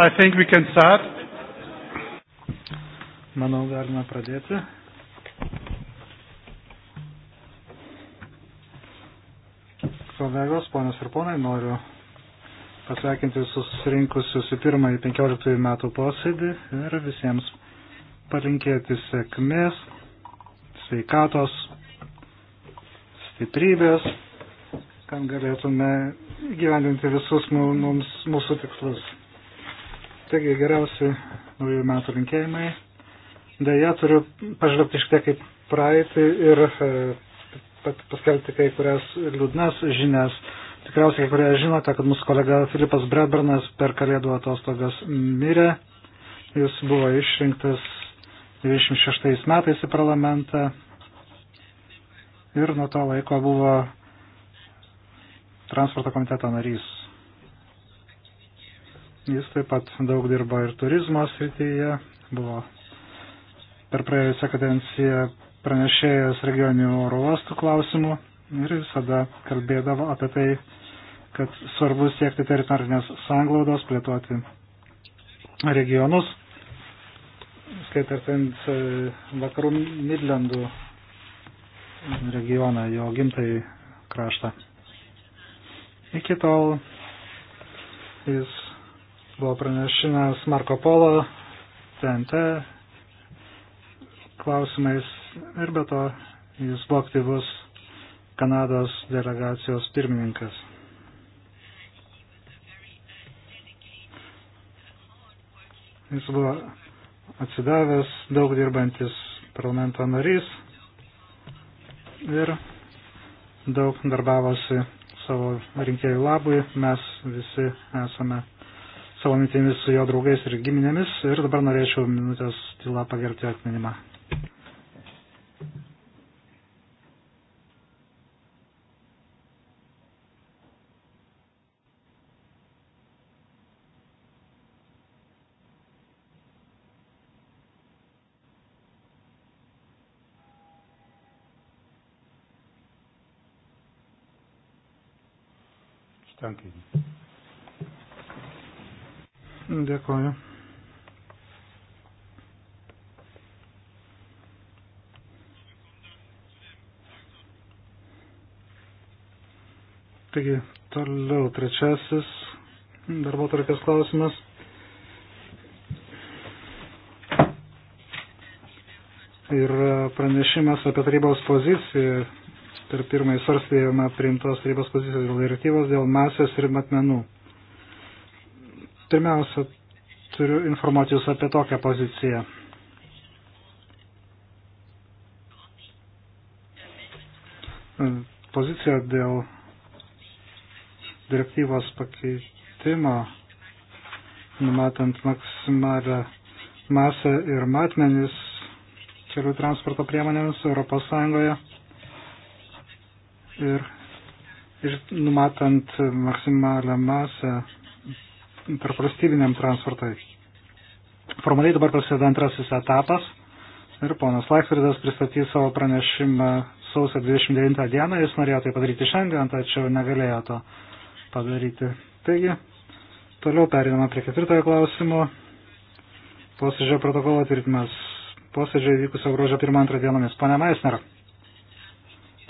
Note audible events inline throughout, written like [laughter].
I think we can start. Manau, galime pradėti. Kolegos, ponios ir ponai, noriu pasveikinti susirinkusius į pirmąjį 15 metų posėdį ir visiems palinkėti sėkmės, sveikatos, stiprybės, kad galėtume gyvendinti visus mums, mūsų tikslus. Taigi geriausi naujų metų linkėjimai. Deja, turiu pažvelgti iš tiek kaip praeitį ir e, paskelbti kai kurias liūdnas žinias. Tikriausiai kai kurie žinote, kad mūsų kolega Filipas Bredbernas per kalėdų atostogas mirė. Jis buvo išrinktas 96 metais į parlamentą ir nuo to laiko buvo transporto komiteto narys. Jis taip pat daug dirba ir turizmo srityje, buvo per praėjusią kadenciją pranešėjas regioninių oro uostų klausimų ir visada kalbėdavo apie tai, kad svarbu siekti teritorinės sanglaudos, plėtoti regionus, skaitant e, vakarų Midlandų regioną, jo gimtai kraštą. Iki tol jis buvo pranešimas Marko Polo centre klausimais ir be to jis buvo aktyvus Kanados delegacijos pirmininkas. Jis buvo atsidavęs, daug dirbantis parlamento narys ir daug darbavosi savo rinkėjų labui. Mes visi esame savo mintimis su jo draugais ir giminėmis ir dabar norėčiau minutės tyla pagerbti atminimą. Dėkoju. Taigi, toliau trečiasis darbo tarkės klausimas. Ir pranešimas apie tarybos poziciją. Per pirmąjį svarstėjimą priimtos tarybos pozicijos dėl direktyvos dėl masės ir matmenų. Pirmiausia, turiu informuoti Jūs apie tokią poziciją. Pozicija dėl direktyvos pakeitimo, numatant maksimalę masę ir matmenis kelių transporto priemonėmis Europos Sąjungoje ir, ir numatant maksimalią masę tarprastybiniam transportui. Formaliai dabar prasideda antrasis etapas ir ponas Laksvardas pristatys savo pranešimą sausio 29 dieną, jis norėjo tai padaryti šiandien, tačiau negalėjo to padaryti. Taigi, toliau perinama prie ketvirtojo klausimo. Posėdžio protokolo tvirtimas. Posėdžio įvykusio gruodžio 1-2 dienomis. Pane Meisner.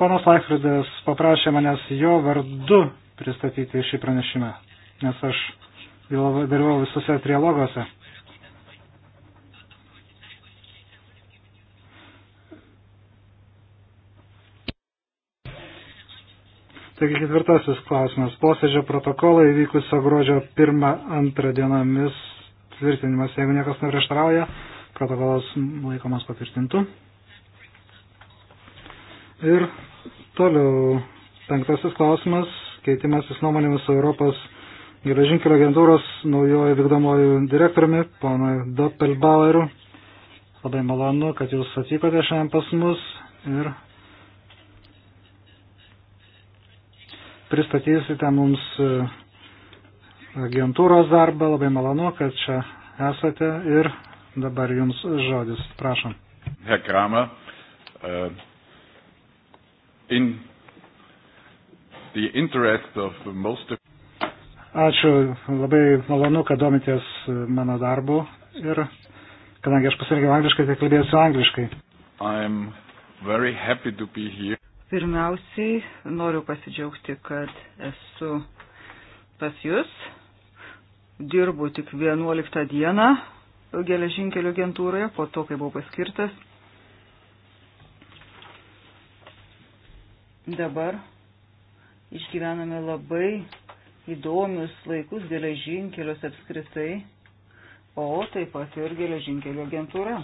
Ponas Laksvardas paprašė manęs jo vardu pristatyti šį pranešimą, nes aš dalyvau visose trialoguose. Taigi ketvirtasis klausimas. Posėdžio protokolai įvykusio gruodžio 1-2 dienomis tvirtinimas. Jeigu niekas neprieštarauja, protokolas laikomas patvirtintų. Ir toliau penktasis klausimas. Keitimasis nuomonėmis su Europos geležinkelio agentūros naujojo vykdomojų direktoriumi, ponui Doppelbaueriu. Labai malonu, kad jūs atvykote šiandien pas mus ir pristatysite mums e, agentūros darbą. Labai malonu, kad čia esate ir dabar jums žodis. Prašom. Herr Kramer, uh, in the interest of most of Ačiū, labai malonu, kad domitės mano darbu ir kadangi aš pasirinkiau angliškai, tai kalbėsiu angliškai. Pirmiausiai noriu pasidžiaugti, kad esu pas Jūs. Dirbu tik 11 dieną geležinkelio agentūroje, po to, kai buvau paskirtas. Dabar išgyvename labai įdomius laikus geležinkelius apskritai, o taip pat ir geležinkelio agentūra.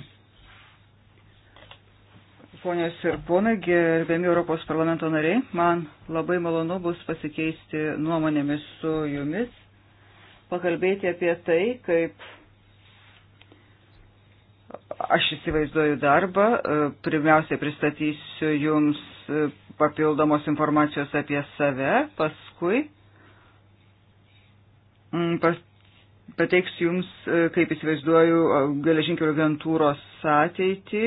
Ponios ir ponai, gerbiami Europos parlamento nariai, man labai malonu bus pasikeisti nuomonėmis su jumis, pakalbėti apie tai, kaip aš įsivaizduoju darbą. Pirmiausia, pristatysiu jums papildomos informacijos apie save, paskui Mm, pateiksiu Jums, e, kaip įsivaizduoju, e, geležinkelio agentūros ateitį,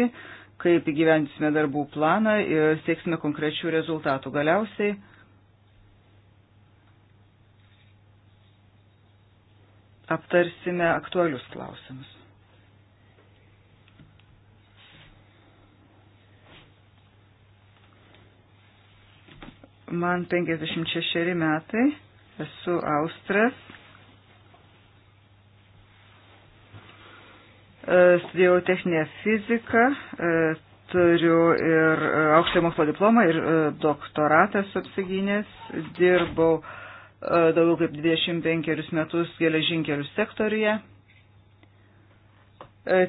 kaip įgyvendysime darbų planą ir sieksime konkrečių rezultatų. Galiausiai aptarsime aktualius klausimus. Man 56 metai, esu Austras studijau techninę fiziką, e, turiu ir e, aukštojo mokslo diplomą ir e, doktoratas apsigynęs, dirbau daugiau kaip 25 metus geležinkelių sektoriuje,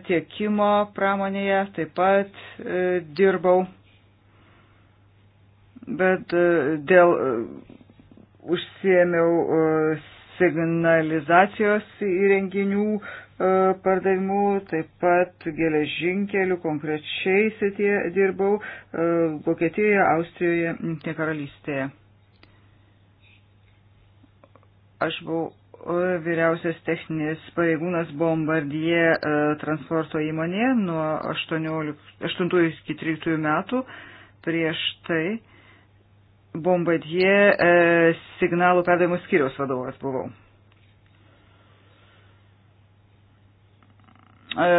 tiekimo pramonėje taip pat dirbau, bet dėl užsiemiau signalizacijos įrenginių e, pardavimu, taip pat geležinkelių konkrečiai sitie dirbau e, Vokietijoje, Austrijoje, Jungtinė karalystėje. Aš buvau e, vyriausias techninis pareigūnas Bombardier transporto įmonėje nuo 18, 8 iki 13 metų prieš tai Bombadie e, signalų perdavimo skyriaus vadovas buvau. E,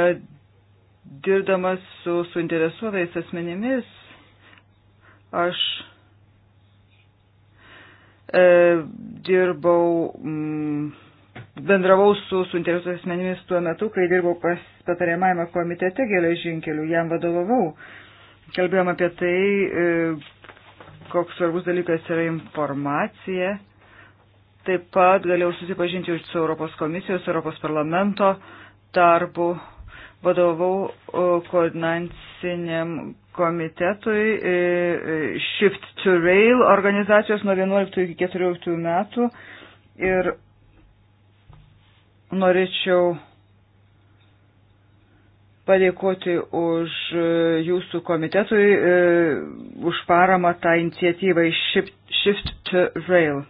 dirbdamas su suinteresuotais asmenimis, aš e, dirbau, m, mm, bendravau su suinteresuotais asmenimis tuo metu, kai dirbau pas patariamajame komitete geležinkelių, jam vadovavau. Kalbėjom apie tai. E, koks svarbus dalykas yra informacija. Taip pat galėjau susipažinti su Europos komisijos, Europos parlamento darbu, vadovau koordinaciniam komitetui e, e, Shift to Rail organizacijos nuo 11 iki 14 metų ir norėčiau padėkoti už e, jūsų komitetui, e, už paramą tą iniciatyvą Shift, Shift to Rail.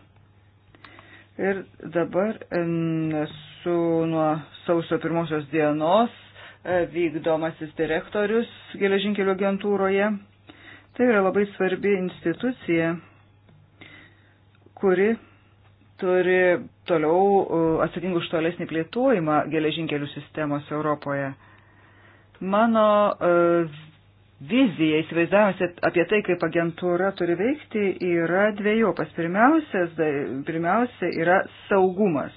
Ir dabar esu nuo sausio pirmosios dienos e, vykdomasis direktorius geležinkelio agentūroje. Tai yra labai svarbi institucija, kuri turi toliau atsakingų už tolesnį plėtojimą geležinkelių sistemos Europoje. Mano e, vizija, įsivaizdavimas apie tai, kaip agentūra turi veikti, yra dviejopas. Pirmiausias, pirmiausia yra saugumas,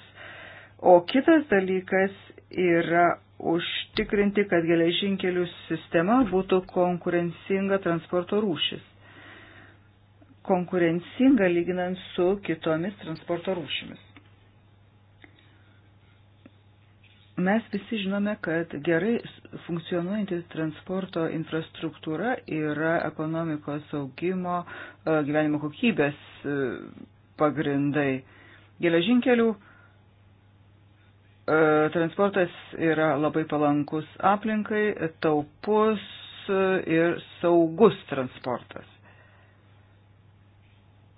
o kitas dalykas yra užtikrinti, kad geležinkelių sistema būtų konkurencinga transporto rūšis. Konkurencinga lyginant su kitomis transporto rūšimis. Mes visi žinome, kad gerai funkcionuojanti transporto infrastruktūra yra ekonomikos augimo, e, gyvenimo kokybės e, pagrindai. Geležinkelių e, transportas yra labai palankus aplinkai, taupus ir saugus transportas.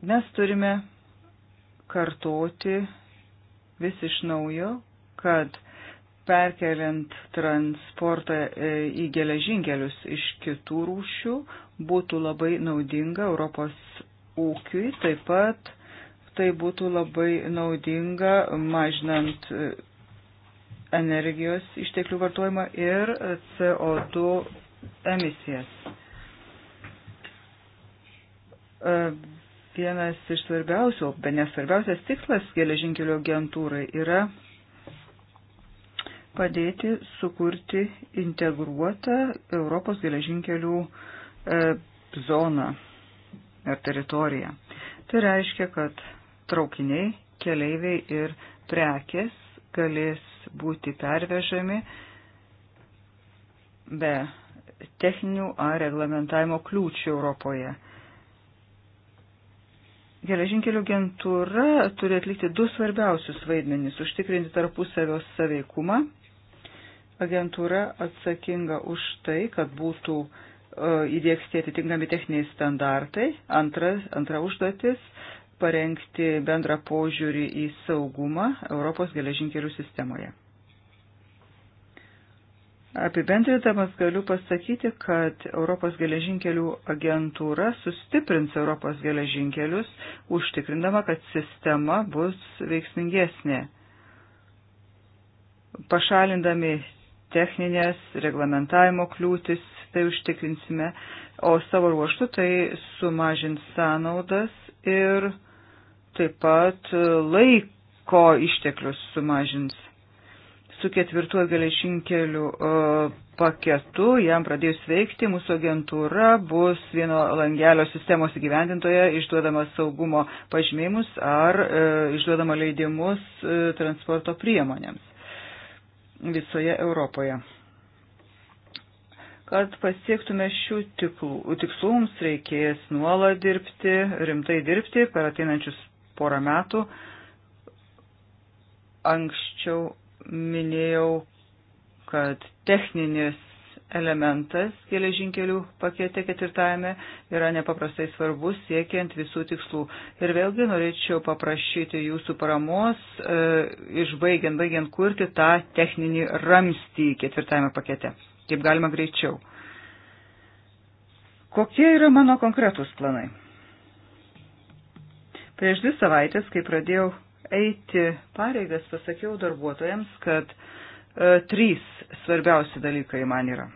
Mes turime kartoti vis iš naujo, kad perkeliant transportą e, į geležinkelius iš kitų rūšių būtų labai naudinga Europos ūkiui, taip pat tai būtų labai naudinga mažinant e, energijos išteklių vartojimą ir CO2 emisijas. E, vienas iš svarbiausių, bet nesvarbiausias tikslas geležinkelių agentūrai yra padėti sukurti integruotą Europos geležinkelių e, zoną ar teritoriją. Tai reiškia, kad traukiniai, keleiviai ir prekės galės būti pervežami be techninių ar reglamentavimo kliūčių Europoje. Geležinkelių agentūra turi atlikti du svarbiausius vaidmenys - užtikrinti tarpusavio saveikumą Agentūra atsakinga už tai, kad būtų e, įdėksti atitinkami techniniai standartai. Antra, antra užduotis - parengti bendrą požiūrį į saugumą Europos geležinkelių sistemoje. Apibendrintamas galiu pasakyti, kad Europos geležinkelių agentūra sustiprins Europos geležinkelius, užtikrindama, kad sistema bus veiksmingesnė. Pašalindami techninės reglamentavimo kliūtis, tai užtikrinsime, o savo ruoštų tai sumažins sąnaudas ir taip pat laiko išteklius sumažins. Su ketvirtuoju geležinkeliu e, paketu, jam pradėjus veikti, mūsų agentūra bus vieno langelio sistemos įgyvendintoje išduodama saugumo pažymėjimus ar e, išduodama leidimus e, transporto priemonėms visoje Europoje. Kad pasiektume šių tiklų, tikslų, mums reikės nuolat dirbti, rimtai dirbti per ateinančius porą metų. Anksčiau minėjau, kad techninis elementas geležinkelių pakete ketvirtajame yra nepaprastai svarbus siekiant visų tikslų. Ir vėlgi norėčiau paprašyti jūsų paramos, e, išbaigiant, baigiant kurti tą techninį ramstį ketvirtajame pakete, kaip galima greičiau. Kokie yra mano konkretūs planai? Prieš dvi savaitės, kai pradėjau eiti pareigas, pasakiau darbuotojams, kad e, trys svarbiausi dalykai man yra.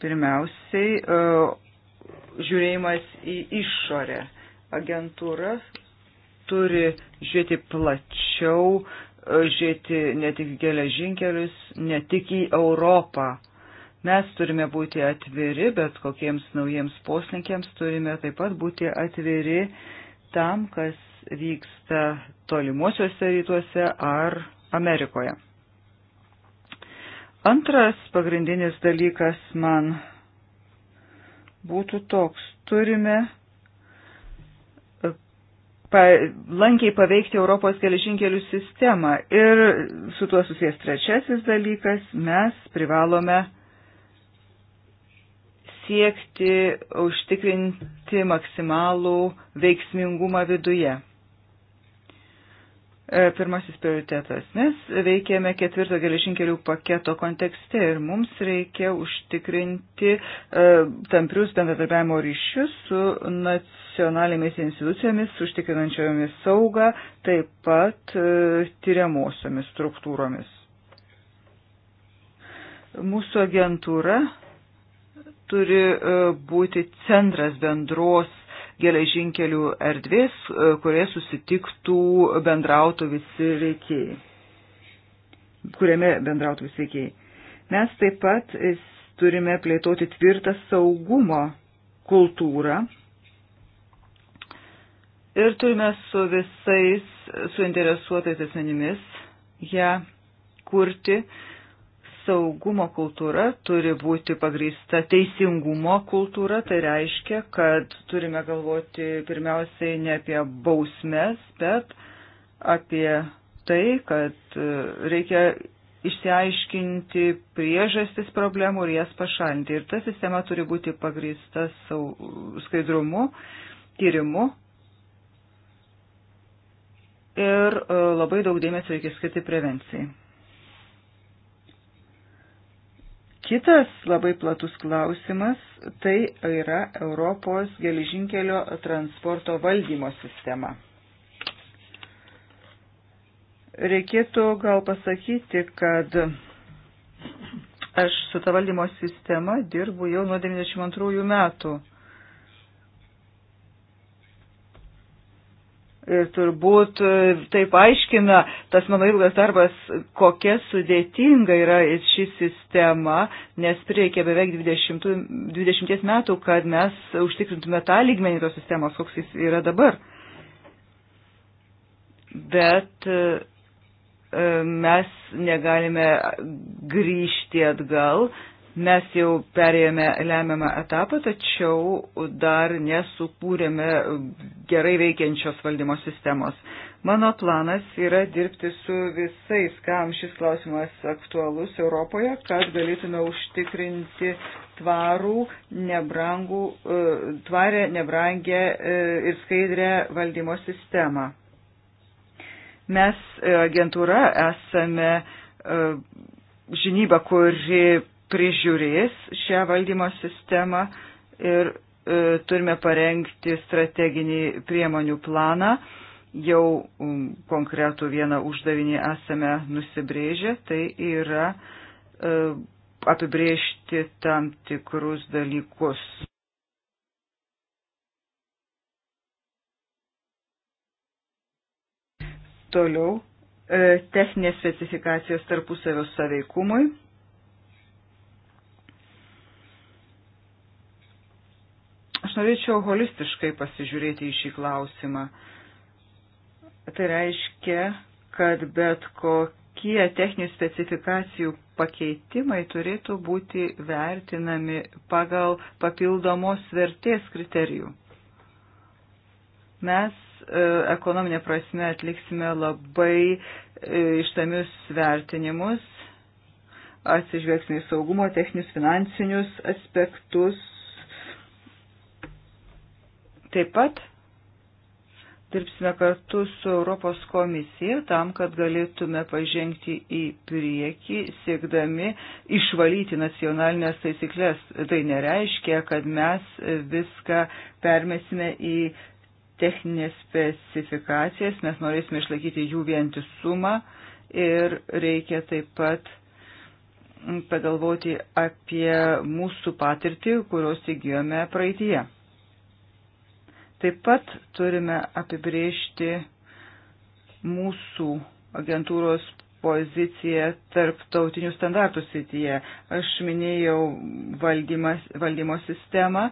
Pirmiausiai, e, žiūrėjimas į išorę. Agentūra turi žiūrėti plačiau, e, žiūrėti ne tik geležinkelius, ne tik į Europą. Mes turime būti atviri, bet kokiems naujiems poslinkiams turime taip pat būti atviri tam, kas vyksta tolimuosiuose rytuose ar Amerikoje. Antras pagrindinis dalykas man būtų toks. Turime e, lankiai paveikti Europos geležinkelių sistemą. Ir su tuo susijęs trečiasis dalykas, mes privalome siekti užtikrinti maksimalų veiksmingumą viduje. E, pirmasis prioritetas, nes veikėme ketvirto geležinkelių paketo kontekste ir mums reikia užtikrinti e, tamprius bendradarbiavimo ryšius su nacionalinėmis institucijomis, užtikrinančiomis saugą, taip pat e, tyriamosiomis struktūromis. Mūsų agentūra turi būti centras bendros geležinkelių erdvės, e, kurioje susitiktų bendrautų visi veikėjai, kuriame bendrautų visi veikėjai. Mes taip pat e, turime plėtoti tvirtą saugumo kultūrą ir turime su visais suinteresuotais asmenimis ją kurti, saugumo kultūra turi būti pagrįsta teisingumo kultūra, tai reiškia, kad turime galvoti pirmiausiai ne apie bausmes, bet apie tai, kad e, reikia išsiaiškinti priežastis problemų ir jas pašalinti. Ir ta sistema turi būti pagrįsta skaidrumu, tyrimu. Ir e, labai daug dėmesio reikia skirti prevencijai. Kitas labai platus klausimas tai yra Europos geležinkelio transporto valdymo sistema. Reikėtų gal pasakyti, kad aš su ta valdymo sistema dirbu jau nuo 92 metų. Ir turbūt e, taip aiškina tas mano ilgas darbas, kokia sudėtinga yra ši sistema, nes prireikė beveik 20, 20 metų, kad mes užtikrintume tą lygmenį tos sistemos, koks jis yra dabar. Bet e, e, mes negalime grįžti atgal, Mes jau perėjome lemiamą etapą, tačiau dar nesukūrėme gerai veikiančios valdymo sistemos. Mano planas yra dirbti su visais, kam šis klausimas aktualus Europoje, kad galėtume užtikrinti tvarų, nebrangų, e, tvarę, nebrangę e, ir skaidrę valdymo sistemą. Mes e, agentūra esame žinyba, kuri prižiūrės šią valdymo sistemą ir e, turime parengti strateginį priemonių planą. Jau konkretų vieną uždavinį esame nusibrėžę, tai yra e, apibrėžti tam tikrus dalykus. Toliau e, techninės specifikacijos tarpusavio saveikumui Aš norėčiau holistiškai pasižiūrėti į šį klausimą. Tai reiškia, kad bet kokie techninių specifikacijų pakeitimai turėtų būti vertinami pagal papildomos vertės kriterijų. Mes e, ekonominė prasme atliksime labai e, ištamius vertinimus, atsižvelgsime į saugumo, techninius, finansinius aspektus, Taip pat dirbsime kartu su Europos komisija tam, kad galėtume pažengti į priekį, siekdami išvalyti nacionalinės taisyklės. Tai nereiškia, kad mes viską permesime į techninės specifikacijas, mes norėsime išlaikyti jų vientisumą ir reikia taip pat pagalvoti apie mūsų patirtį, kurios įgyjome praeitie. Taip pat turime apibriežti mūsų agentūros poziciją tarptautinių standartų sityje. Aš minėjau valdymas, valdymo sistemą,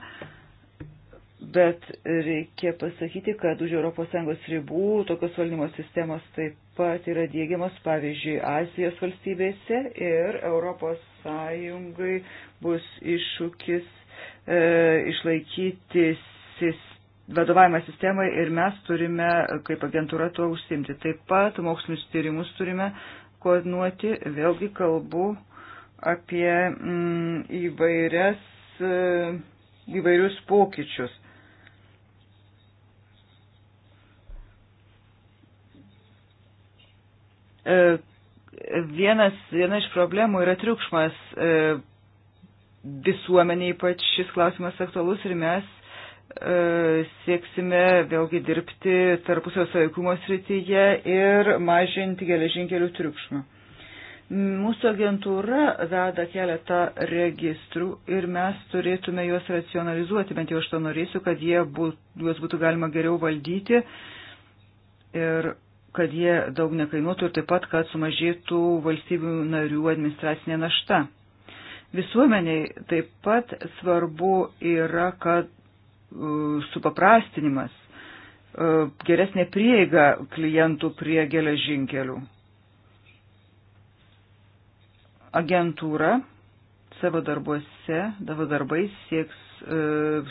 bet reikia pasakyti, kad už ES ribų tokios valdymo sistemos taip pat yra dėgiamos, pavyzdžiui, Azijos valstybėse ir ES bus iššūkis e, išlaikyti sistemą vadovavimą sistemai ir mes turime, kaip agentūra, tuo užsimti. Taip pat mokslinius tyrimus turime koordinuoti, vėlgi kalbu apie mm, įvairias, e, įvairius pokyčius. E, vienas, viena iš problemų yra triukšmas e, visuomenė ypač šis klausimas aktualus ir mes E, sieksime vėlgi dirbti tarpusio sąveikumo srityje ir mažinti geležinkelių triukšmą. Mūsų agentūra veda keletą registrų ir mes turėtume juos racionalizuoti, bent jau aš to norėsiu, kad būt, juos būtų galima geriau valdyti ir kad jie daug nekainuotų ir taip pat, kad sumažėtų valstybių narių administracinė našta. Visuomeniai taip pat svarbu yra, kad Mm, supaprastinimas, e, geresnė prieiga klientų prie geležinkelių. Agentūra savo darbuose, savo darbais sieks e,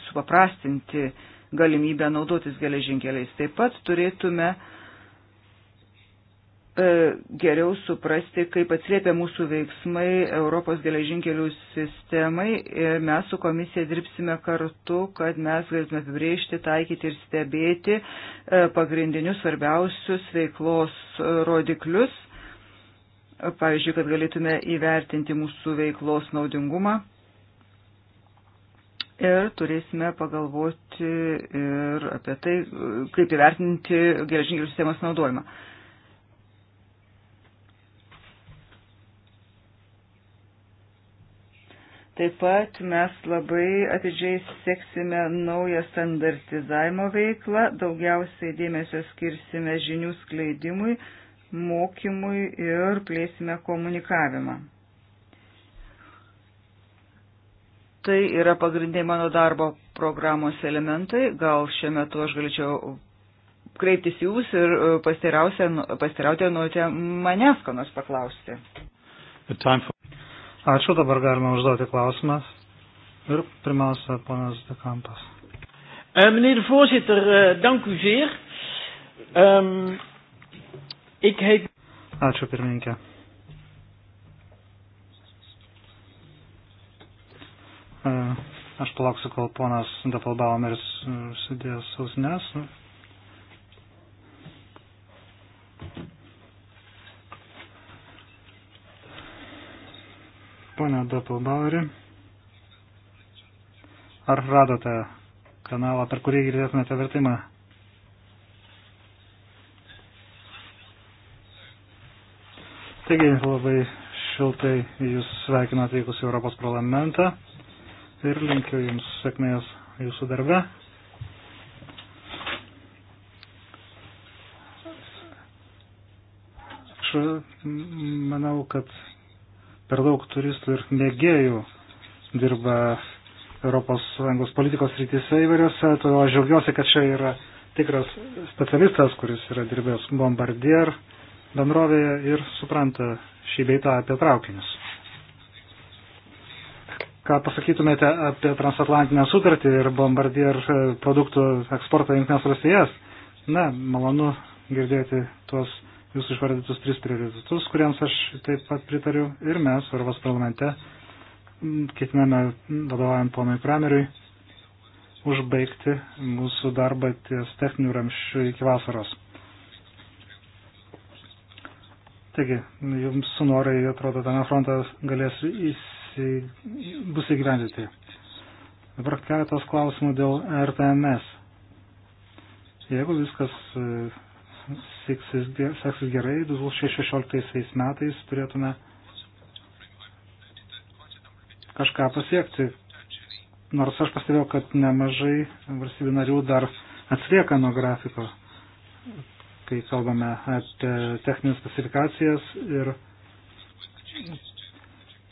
supaprastinti galimybę naudotis geležinkeliais. Taip pat turėtume uh, E, geriau suprasti, kaip atsiliepia mūsų veiksmai Europos geležinkelių sistemai ir mes su komisija dirbsime kartu, kad mes galėtume apibrėžti, taikyti ir stebėti e, pagrindinius svarbiausius veiklos rodiklius, pavyzdžiui, kad galėtume įvertinti mūsų veiklos naudingumą. Ir turėsime pagalvoti ir apie tai, kaip įvertinti geležinkelių sistemos naudojimą. Taip pat mes labai atidžiai seksime naują standartizavimo veiklą, daugiausiai dėmesio skirsime žinių skleidimui, mokymui ir plėsime komunikavimą. Tai yra pagrindiniai mano darbo programos elementai. Gal šiuo metu aš galėčiau kreiptis jūs ir e, pasiteirauti nuo manęs, ką nors paklausti. Ačiū, dabar galima užduoti klausimą. Ir pirmiausia, ponas Dekampas. Eh, meneer de voorzitter, eh, dank u zeer. Um, ik heet. Ačiū pirmininkė. Eh, aš palauksiu, kol ponas Dapalbaumeris užsidės ausines. Pone Doppelbaueri, ar radote kanalą, per kurį girdėtumėte vertimą? Taigi labai šiltai jūs sveikinu atvykus į Europos parlamentą ir linkiu jums sėkmės jūsų darbe. Aš manau, kad Per daug turistų ir mėgėjų dirba ES politikos rytise įvairiose, todėl aš žiaugiuosi, kad čia yra tikras specialistas, kuris yra dirbęs Bombardier bendrovėje ir supranta šį beitą apie traukinius. Ką pasakytumėte apie transatlantinę sutartį ir Bombardier e, produktų eksportą į Junktinės Rusijas? Na, malonu girdėti tuos jūsų išvardytus tris prioritetus, kuriems aš taip pat pritariu ir mes Europos parlamente ketiname vadovaujant ponui Krameriui užbaigti mūsų darbą ties techninių ramščių iki vasaros. Taigi, jums su norai, atrodo, tame frontas galės įsi, bus įgyvendyti. Dabar keletas klausimų dėl RTMS. Jeigu viskas e, seksis gerai, 2016 metais turėtume kažką pasiekti. Nors aš pastebėjau, kad nemažai valstybių narių dar atsilieka nuo grafiko, kai kalbame apie techninės specifikacijas ir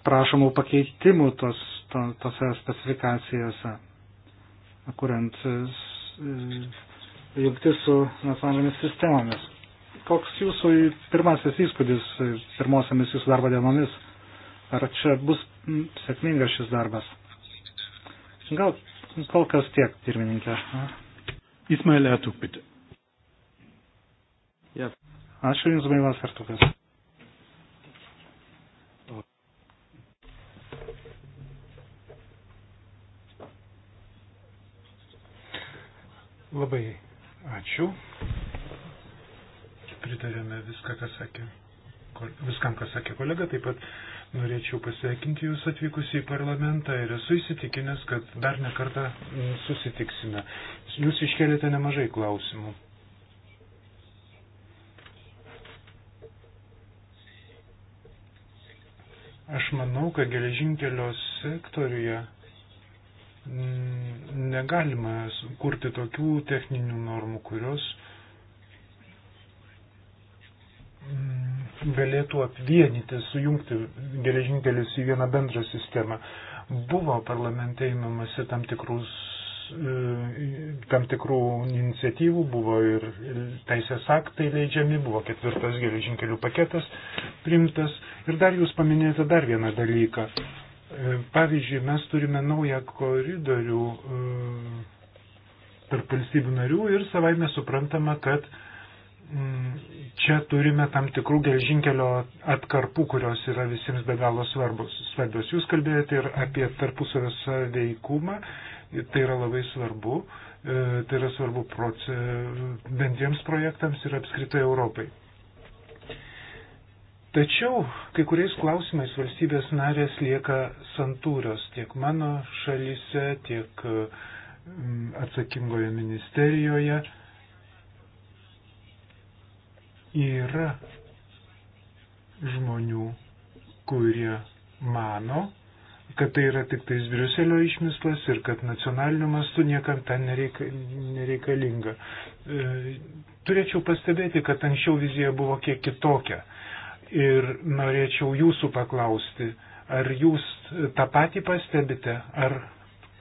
prašomų pakeitimų tos, to, tose specifikacijose, kuriant jungtis su nacionalinėmis sistemomis. Koks jūsų pirmasis įspūdis e, pirmosiamis jūsų darbo dienomis? Ar čia bus sėkmingas šis darbas? Gal kol kas tiek, pirmininkė. Ismailė Atukpitė. Yes. Ačiū Jums, Bailas Artukas. Labai Ačiū. Pritarėme viską, ką sakė, viskam, ką sakė kolega. Taip pat norėčiau pasveikinti Jūs atvykus į parlamentą ir esu įsitikinęs, kad dar nekartą susitiksime. Jūs iškelėte nemažai klausimų. Aš manau, kad geležinkelio sektoriuje negalima kurti tokių techninių normų, kurios mm, galėtų apvienyti, sujungti geležinkelius į vieną bendrą sistemą. Buvo parlamente įmamasi tam, tikrus, e, tam tikrų iniciatyvų, buvo ir teisės aktai leidžiami, buvo ketvirtas geležinkelių paketas primtas. Ir dar jūs paminėjote dar vieną dalyką E, pavyzdžiui, mes turime naują koridorių e, tarp valstybių narių ir savaime suprantama, kad mm, čia turime tam tikrų gelžinkelio atkarpų, kurios yra visiems be galo svarbus. svarbios. Jūs kalbėjote ir apie tarpusavio sąveikumą, tai yra labai svarbu, e, tai yra svarbu proce, bendriems projektams ir apskritai Europai. Tačiau kai kuriais klausimais valstybės narės lieka santūrios tiek mano šalyse, tiek mm, atsakingoje ministerijoje. Yra žmonių, kurie mano, kad tai yra tik tais Briuselio išmislas ir kad nacionaliniu mastu niekam ten nereika, nereikalinga. E, turėčiau pastebėti, kad anksčiau vizija buvo kiek kitokia Ir norėčiau jūsų paklausti, ar jūs tą patį pastebite, ar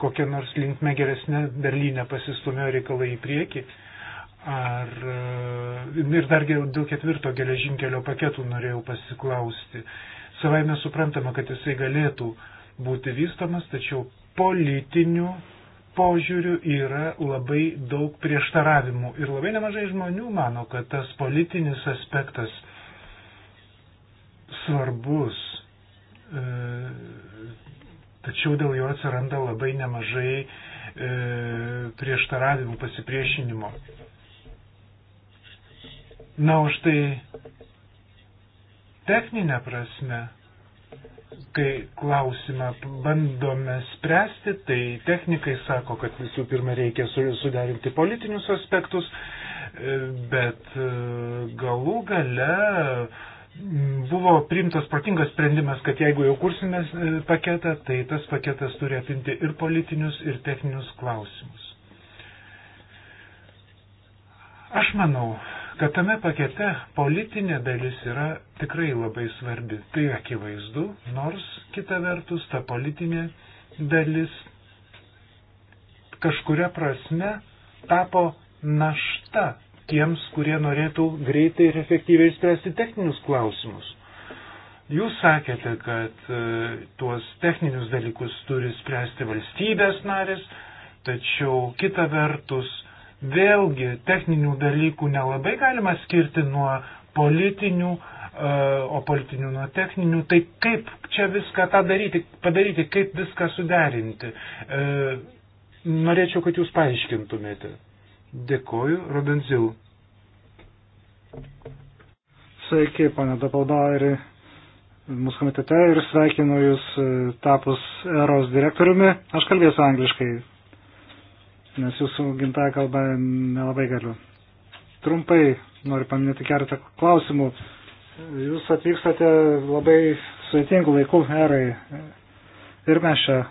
kokia nors linkme geresnė Berlyne pasistumėjo reikalai į priekį, ar e, ir dar dėl ketvirto geležinkelio paketų norėjau pasiklausti. Savai mes suprantame, kad jisai galėtų būti vystomas, tačiau politinių požiūrių yra labai daug prieštaravimų ir labai nemažai žmonių mano, kad tas politinis aspektas svarbus, e, tačiau dėl jo atsiranda labai nemažai e, prieštaravimų, pasipriešinimo. Na, o štai techninė prasme, kai klausimą bandome spręsti, tai technikai sako, kad visų pirma reikia suderinti politinius aspektus, e, bet galų gale buvo priimtas protingas sprendimas, kad jeigu jau kursime e, paketą, tai tas paketas turi apimti ir politinius, ir techninius klausimus. Aš manau, kad tame pakete politinė dalis yra tikrai labai svarbi. Tai akivaizdu, nors kita vertus ta politinė dalis kažkuria prasme tapo našta tiems, kurie norėtų greitai ir efektyviai spręsti techninius klausimus. Jūs sakėte, kad e, tuos techninius dalykus turi spręsti valstybės narės, tačiau kita vertus, vėlgi techninių dalykų nelabai galima skirti nuo politinių, e, o politinių nuo techninių. Tai kaip čia viską tą daryti, padaryti, kaip viską suderinti? E, norėčiau, kad jūs paaiškintumėte. Dėkoju, Robenzilu. Sveiki, pane Dapaldari, mūsų komitete ir sveikinu Jūs e, tapus eros direktoriumi. Aš kalbėsiu angliškai, nes Jūsų gimtąją kalbą nelabai galiu. Trumpai noriu paminėti keletą klausimų. Jūs atvykstate labai sveitingų laikų erai ir mes čia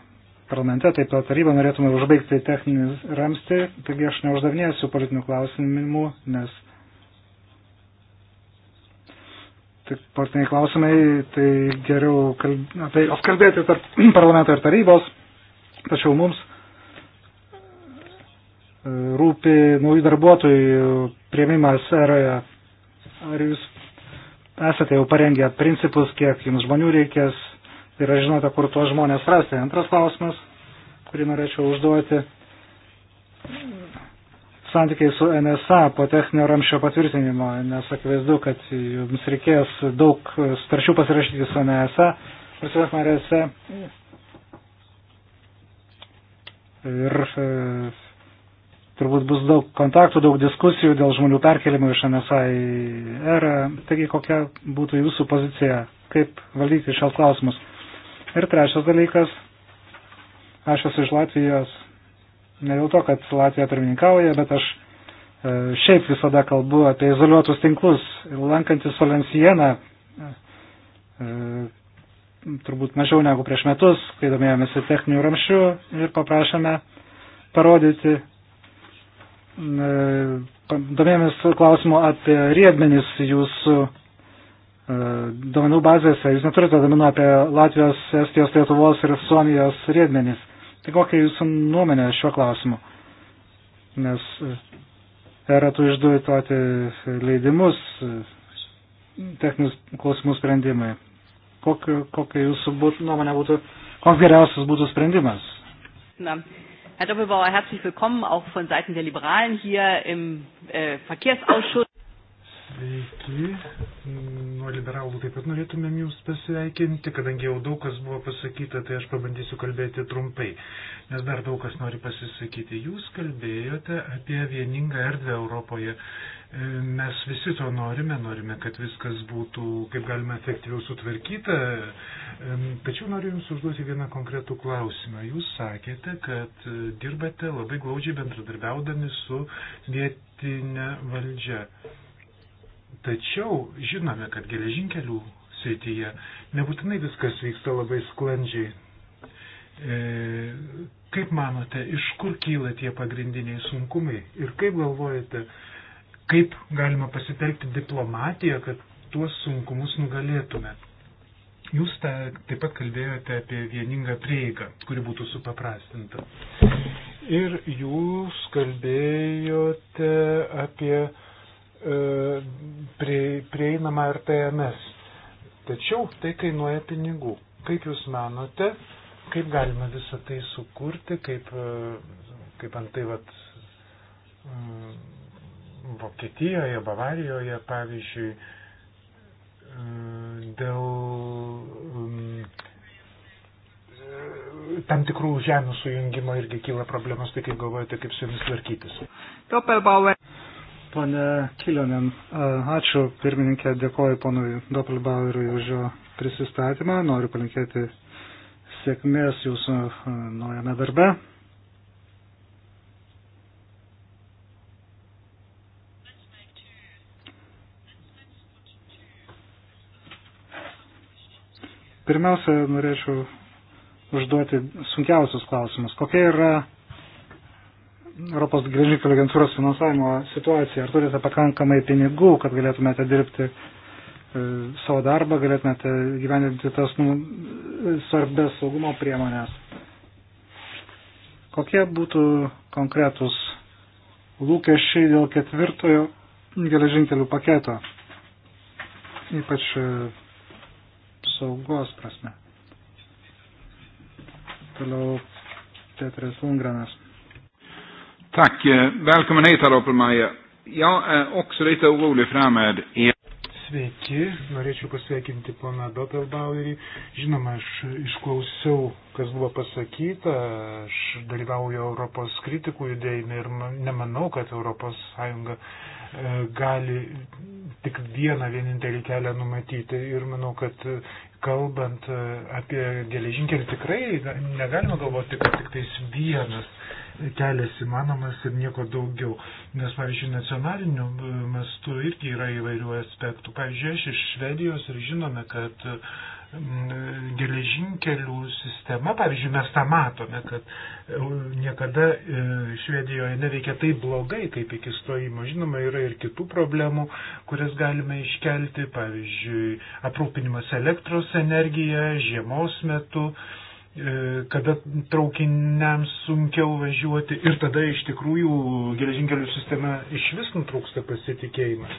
parlamente, taip pat taryba norėtume užbaigti techninį ramstį, taigi aš neuždavinėsiu politinių klausimų, nes tik politiniai klausimai, tai geriau kalb... tai apkalbėti tarp [clears throat] parlamento ir tarybos, tačiau mums e, rūpi naujų darbuotojų prieimimas eroje. Ar jūs esate jau parengę principus, kiek jums žmonių reikės, ir tai ar žinote, kur tuos žmonės rasti. Antras klausimas, kurį norėčiau užduoti, santykiai su NSA po techninio ramščio patvirtinimo, nes akivaizdu, kad jums reikės daug starčių pasirašyti su NSA, prasidės narėse. Ir e, turbūt bus daug kontaktų, daug diskusijų dėl žmonių perkelimo iš NSA į erą. Taigi, kokia būtų jūsų pozicija, kaip valdyti šios klausimus? Ir trečias dalykas, aš esu iš Latvijos, ne dėl to, kad Latvija pirmininkauja, bet aš e, šiaip visada kalbu apie izoliuotus tinklus. Lankantis Valencijeną, e, e, turbūt mažiau negu prieš metus, kai domėjomės techninių ramščių ir paprašėme parodyti, domėjomės klausimu apie riedmenis jūsų E, duomenų bazėse, jūs neturite duomenų apie Latvijos, Estijos, Lietuvos ir Suomijos riedmenis. Tai kokia jūsų nuomenė šiuo klausimu? Nes eratų išduototi leidimus, e, techninius klausimų sprendimai. Kokia, kokia jūsų būt, nuomonė būtų, koks geriausias būtų sprendimas? Na. Herr Doppelbauer, herzlich willkommen auch von Seiten der Liberalen hier im äh, Verkehrsausschuss. Sveiki nuo liberalų taip pat norėtumėm jūs pasveikinti, kadangi jau daug kas buvo pasakyta, tai aš pabandysiu kalbėti trumpai, nes dar daug kas nori pasisakyti. Jūs kalbėjote apie vieningą erdvę Europoje. E, mes visi to norime, norime, kad viskas būtų kaip galima efektyviau sutvarkyta, e, tačiau noriu Jums užduoti vieną konkretų klausimą. Jūs sakėte, kad e, dirbate labai glaudžiai bendradarbiaudami su vietinė valdžia. Tačiau žinome, kad geležinkelių srityje nebūtinai viskas vyksta labai sklandžiai. E, kaip manote, iš kur kyla tie pagrindiniai sunkumai ir kaip galvojate, kaip galima pasitelkti diplomatiją, kad tuos sunkumus nugalėtume? Jūs ta, taip pat kalbėjote apie vieningą prieigą, kuri būtų supaprastinta. Ir jūs kalbėjote apie E, prie, prieinama RTMS. Tačiau tai kainuoja pinigų. Kaip Jūs manote, kaip galima visą tai sukurti, kaip, e, kaip antai vat, mm, Vokietijoje, Bavarijoje, pavyzdžiui, e, dėl mm, tam tikrų žemių sujungimo irgi kyla problemas, tai kaip galvojate, kaip su jomis tvarkytis. Doppelbauer. Pone Kilionen, ačiū pirmininkė, dėkoju ponui Doppelbaueriui už jo prisistatymą. Noriu palinkėti sėkmės jūsų naujame darbe. Pirmiausia, norėčiau užduoti sunkiausius klausimus. Kokia yra Europos geležinkelių agentūros finansavimo situacija? Ar turite pakankamai pinigų, kad galėtumėte dirbti e, savo darbą, galėtumėte gyveninti tas nu, svarbės saugumo priemonės? Kokie būtų konkretus lūkesčiai dėl ketvirtojo geležinkelių paketo, ypač e, saugos prasme? Toliau Petras Ungranas. Tack. Eh, välkommen hit, herr Oppelmeier. Jag är också lite orolig för det här med el. Sveiki, norėčiau pasveikinti poną Dotelbauerį. Žinoma, aš išklausiau, kas buvo pasakyta, aš dalyvauju Europos kritikų judėjime ir nemanau, kad ES e, gali tik vieną vienintelį kelią numatyti. Ir manau, kad e, kalbant e, apie geležinkelį tikrai negalima galvoti, kad tik tais vienas kelias įmanomas ir nieko daugiau. Nes, pavyzdžiui, nacionaliniu e, mastu irgi yra įvairių aspektų. Pavyzdžiui, aš iš Švedijos ir žinome, kad geležinkelių sistema, pavyzdžiui, mes tą matome, kad e, niekada e, Švedijoje neveikia taip blogai, kaip iki stojimo. Žinoma, yra ir kitų problemų, kurias galime iškelti, pavyzdžiui, aprūpinimas elektros energija žiemos metu. E, kada traukiniams sunkiau važiuoti ir tada iš tikrųjų geležinkelių sistema iš vis nutrūksta pasitikėjimas.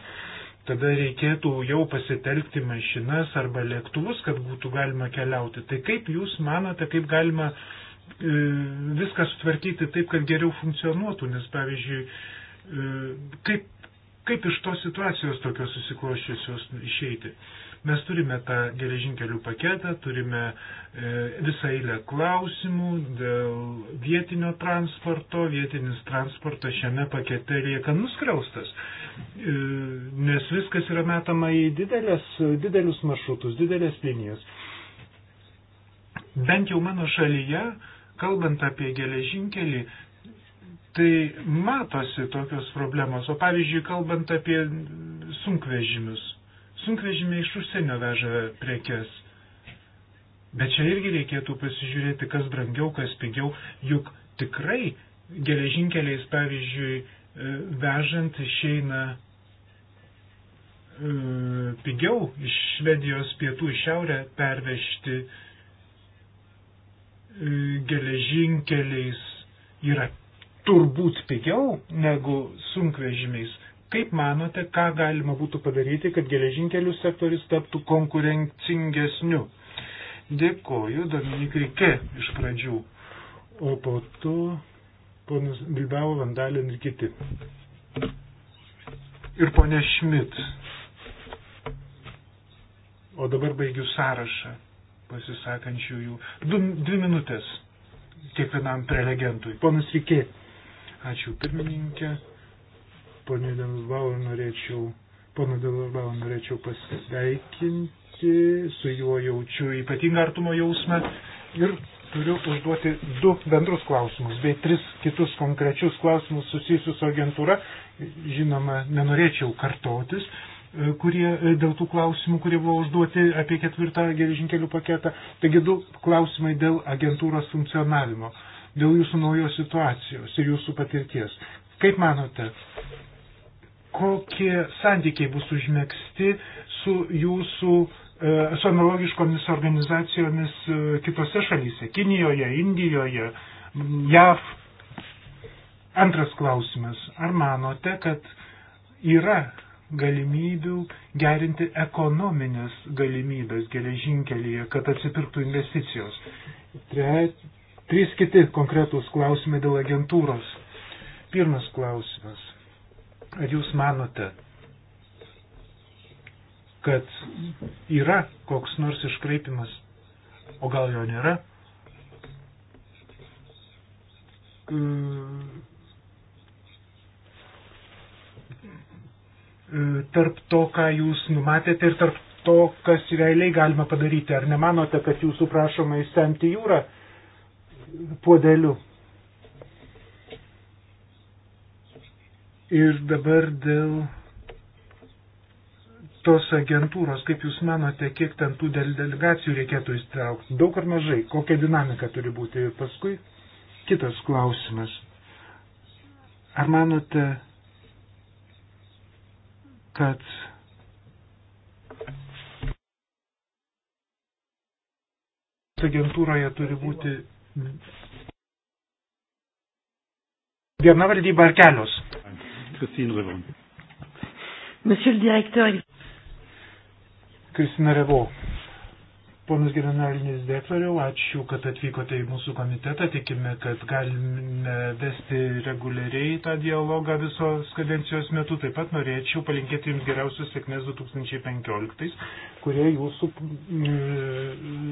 Tada reikėtų jau pasitelkti mašinas arba lėktuvus, kad būtų galima keliauti. Tai kaip Jūs manote, kaip galima e, viską sutvarkyti taip, kad geriau funkcionuotų, nes pavyzdžiui, e, kaip, kaip iš tos situacijos tokios susikloščiusios išeiti? E, Mes turime tą geležinkelių paketą, turime e, visą eilę klausimų dėl vietinio transporto. Vietinis transportas šiame pakete lieka nuskriaustas, e, nes viskas yra metama į didelės, didelius maršrutus, didelės linijas. Bent jau mano šalyje, kalbant apie geležinkelį, tai matosi tokios problemos. O pavyzdžiui, kalbant apie sunkvežimius sunkvežimiai iš užsienio veža prekes. Bet čia irgi reikėtų pasižiūrėti, kas brangiau, kas pigiau, juk tikrai geležinkeliais, pavyzdžiui, e, vežant išeina e, pigiau iš Švedijos pietų į šiaurę pervežti e, geležinkeliais yra turbūt pigiau negu sunkvežimiais. Kaip manote, ką galima būtų padaryti, kad geležinkelių sektorius taptų konkurencingesniu? Dėkoju Dominik Rike iš pradžių, o po to ponas Bilbao Vandalin ir kiti. Ir ponė Šmit. O dabar baigiu sąrašą pasisakančiųjų. Du, dvi minutės kiekvienam prelegentui. Ponas Rikė. Ačiū pirmininkė ponė Denisbauer norėčiau, pono Denisbauer norėčiau pasveikinti, su juo jaučiu ypatingą artumo jausmą ir turiu užduoti du bendrus klausimus, bei tris kitus konkrečius klausimus susijusius su agentūra. Žinoma, nenorėčiau kartotis, e, kurie, e, dėl tų klausimų, kurie buvo užduoti apie ketvirtą geležinkelių paketą. Taigi du klausimai dėl agentūros funkcionavimo, dėl jūsų naujos situacijos ir jūsų patirties. Kaip manote, kokie santykiai bus užmėgsti su jūsų e, su analogiškomis organizacijomis e, kitose šalyse - Kinijoje, Indijoje, JAV. Antras klausimas. Ar manote, kad yra galimybių gerinti ekonominės galimybės geležinkelyje, kad atsipirktų investicijos? Tre, trys kiti konkretūs klausimai dėl agentūros. Pirmas klausimas. Ar jūs manote, kad yra koks nors iškraipimas, o gal jo nėra? Tarp to, ką jūs numatėte ir tarp to, kas realiai galima padaryti. Ar nemanote, kad jūsų prašoma įsemti jūrą puodeliu? Ir dabar dėl tos agentūros, kaip Jūs manote, kiek ten tų delegacijų reikėtų įstraukti? Daug ar mažai? Kokia dinamika turi būti? Ir paskui kitas klausimas. Ar manote, kad agentūroje turi būti viena valdyba ar kelios? Christine Revon. Monsieur le directeur. Kristina Revo. Ponas generalinis direktoriau, ačiū, kad atvykote į mūsų komitetą. Tikime, kad galime vesti reguliariai tą dialogą visos kadencijos metu. Taip pat norėčiau palinkėti Jums geriausios sėkmės 2015, kurie Jūsų mm,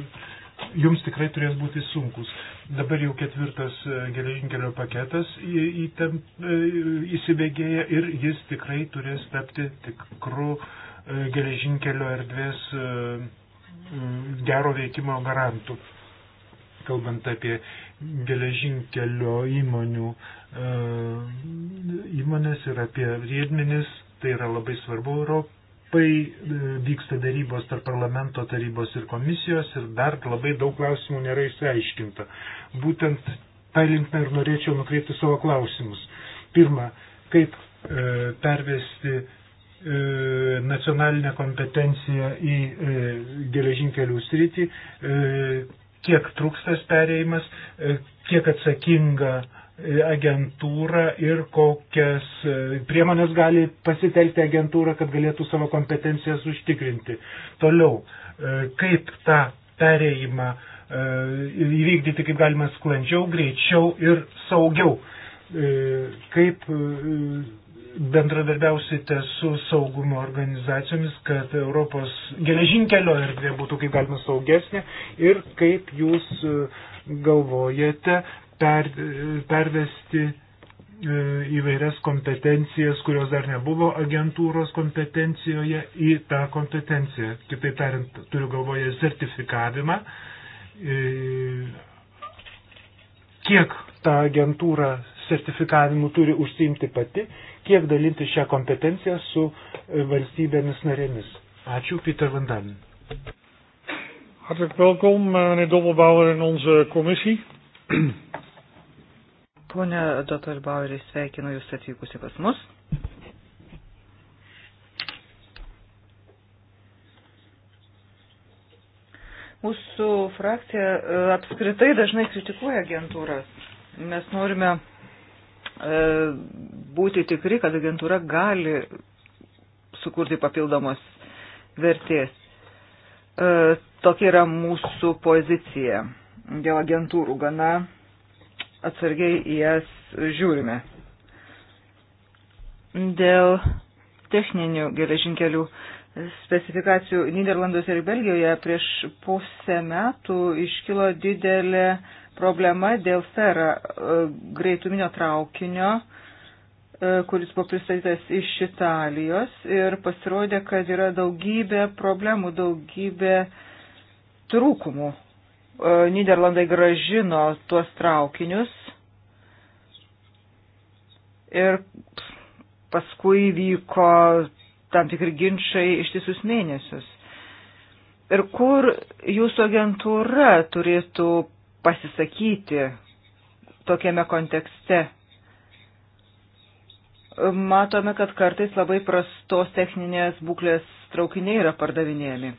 jums tikrai turės būti sunkus. Dabar jau ketvirtas e, geležinkelio paketas e, įsibėgėja ir jis tikrai turės tapti tikru e, geležinkelio erdvės gero veikimo garantų. Kalbant apie geležinkelio įmonių, įmonės ir apie riedmenis, tai yra labai svarbu Europai trumpai e, vyksta darybos tarp parlamento tarybos ir komisijos ir dar labai daug klausimų nėra išsiaiškinta. Būtent tą linkmę ir norėčiau nukreipti savo klausimus. Pirma, kaip e, pervesti e, nacionalinę kompetenciją į e, geležinkelių sritį, e, kiek trūkstas perėjimas, e, kiek atsakinga e, E, agentūra ir kokias e, priemonės gali pasitelkti agentūra, kad galėtų savo kompetencijas užtikrinti. Toliau, e, kaip tą pereimą įvykdyti kaip galima sklandžiau, greičiau ir saugiau. Kaip bendradarbiausite su saugumo organizacijomis, kad Europos geležinkelio erdvė būtų kaip galima saugesnė ir kaip jūs galvojate, per, pervesti e, įvairias kompetencijas, kurios dar nebuvo agentūros kompetencijoje, į tą kompetenciją. Kitaip tariant, turiu galvoje sertifikavimą, e, kiek ta agentūra sertifikavimu turi užsiimti pati, kiek dalinti šią kompetenciją su e, valstybėmis narėmis. Ačiū, Peter Vandanin. Hartelijk welkom, eh, meneer Dobbelbouwer, in onze commissie. Pone Dotor Bauerį, sveikinu Jūs atvykusi pas mus. Mūsų frakcija e, apskritai dažnai kritikuoja agentūras. Mes norime e, būti tikri, kad agentūra gali sukurti papildomos vertės. E, tokia yra mūsų pozicija dėl agentūrų gana atsargiai į jas žiūrime. Dėl techninių geležinkelių specifikacijų Niderlanduose ir Belgijoje prieš pusę metų iškilo didelė problema dėl sera e, greituminio traukinio, e, kuris buvo pristatytas iš Italijos ir pasirodė, kad yra daugybė problemų, daugybė trūkumų E, Niderlandai gražino tuos traukinius ir paskui vyko tam tikri ginčiai ištisus mėnesius. Ir kur jūsų agentūra turėtų pasisakyti tokiame kontekste? Matome, kad kartais labai prastos techninės būklės traukiniai yra pardavinėjami.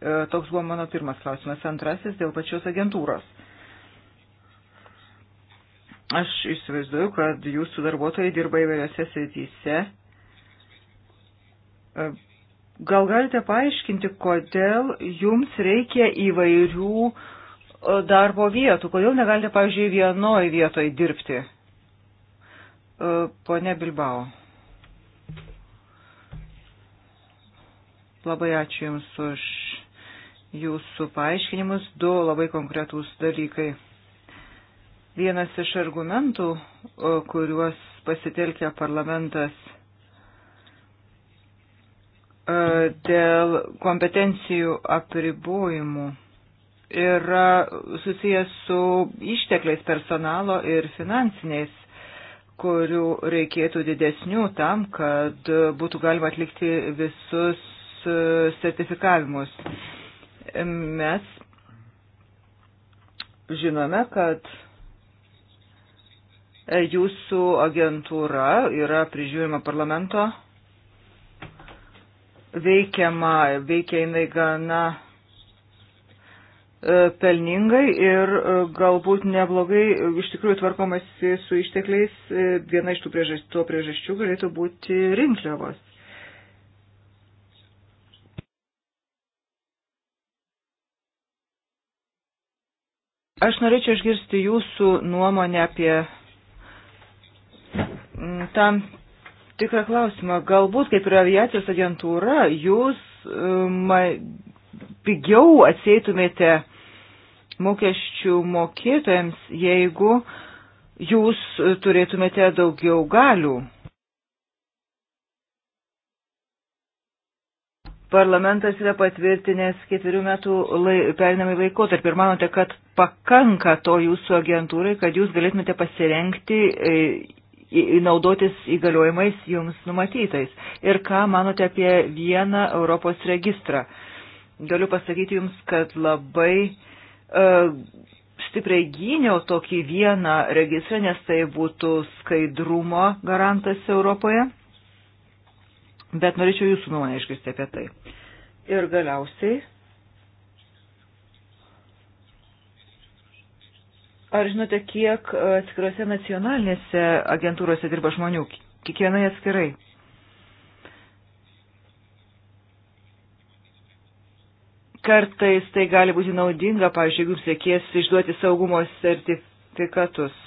E, toks buvo mano pirmas klausimas. Antrasis dėl pačios agentūros. Aš įsivaizduoju, kad jūsų darbuotojai dirba įvairiose srityse. E, gal galite paaiškinti, kodėl jums reikia įvairių e, darbo vietų? Kodėl negalite, pavyzdžiui, vienoje vietoje dirbti? Pone Bilbao. Labai ačiū Jums už jūsų paaiškinimus. Du labai konkretūs dalykai. Vienas iš argumentų, kuriuos pasitelkia parlamentas e, dėl kompetencijų apribojimų yra susijęs su ištekliais personalo ir finansiniais, kurių reikėtų didesnių tam, kad būtų galima atlikti visus e, sertifikavimus. Mes žinome, kad jūsų agentūra yra prižiūrima parlamento, veikiama, veikia jinai gana e, pelningai ir e, galbūt neblogai iš tikrųjų tvarkomasi su ištekliais. E, viena iš tų priežasčių, priežasčių galėtų būti rinkliavos. Aš norėčiau išgirsti jūsų nuomonę apie mm, tam tikrą klausimą. Galbūt, kaip ir aviacijos agentūra, jūs mm, ma, pigiau atseitumėte mokesčių mokėtojams, jeigu jūs turėtumėte daugiau galių Parlamentas yra patvirtinęs ketverių metų lai, perinamai laikotarpį ir manote, kad pakanka to jūsų agentūrai, kad jūs galėtumėte pasirenkti e, naudotis įgaliojimais jums numatytais. Ir ką manote apie vieną Europos registrą? Galiu pasakyti jums, kad labai e, stipriai gyniau tokį vieną registrą, nes tai būtų skaidrumo garantas Europoje. Bet norėčiau jūsų nuomonę išgirsti apie tai. Ir galiausiai, ar žinote, kiek e, atskirose nacionalinėse agentūrose dirba žmonių, kiekvienai atskirai? Kartais tai gali būti naudinga, pavyzdžiui, jeigu jums reikės išduoti saugumo sertifikatus.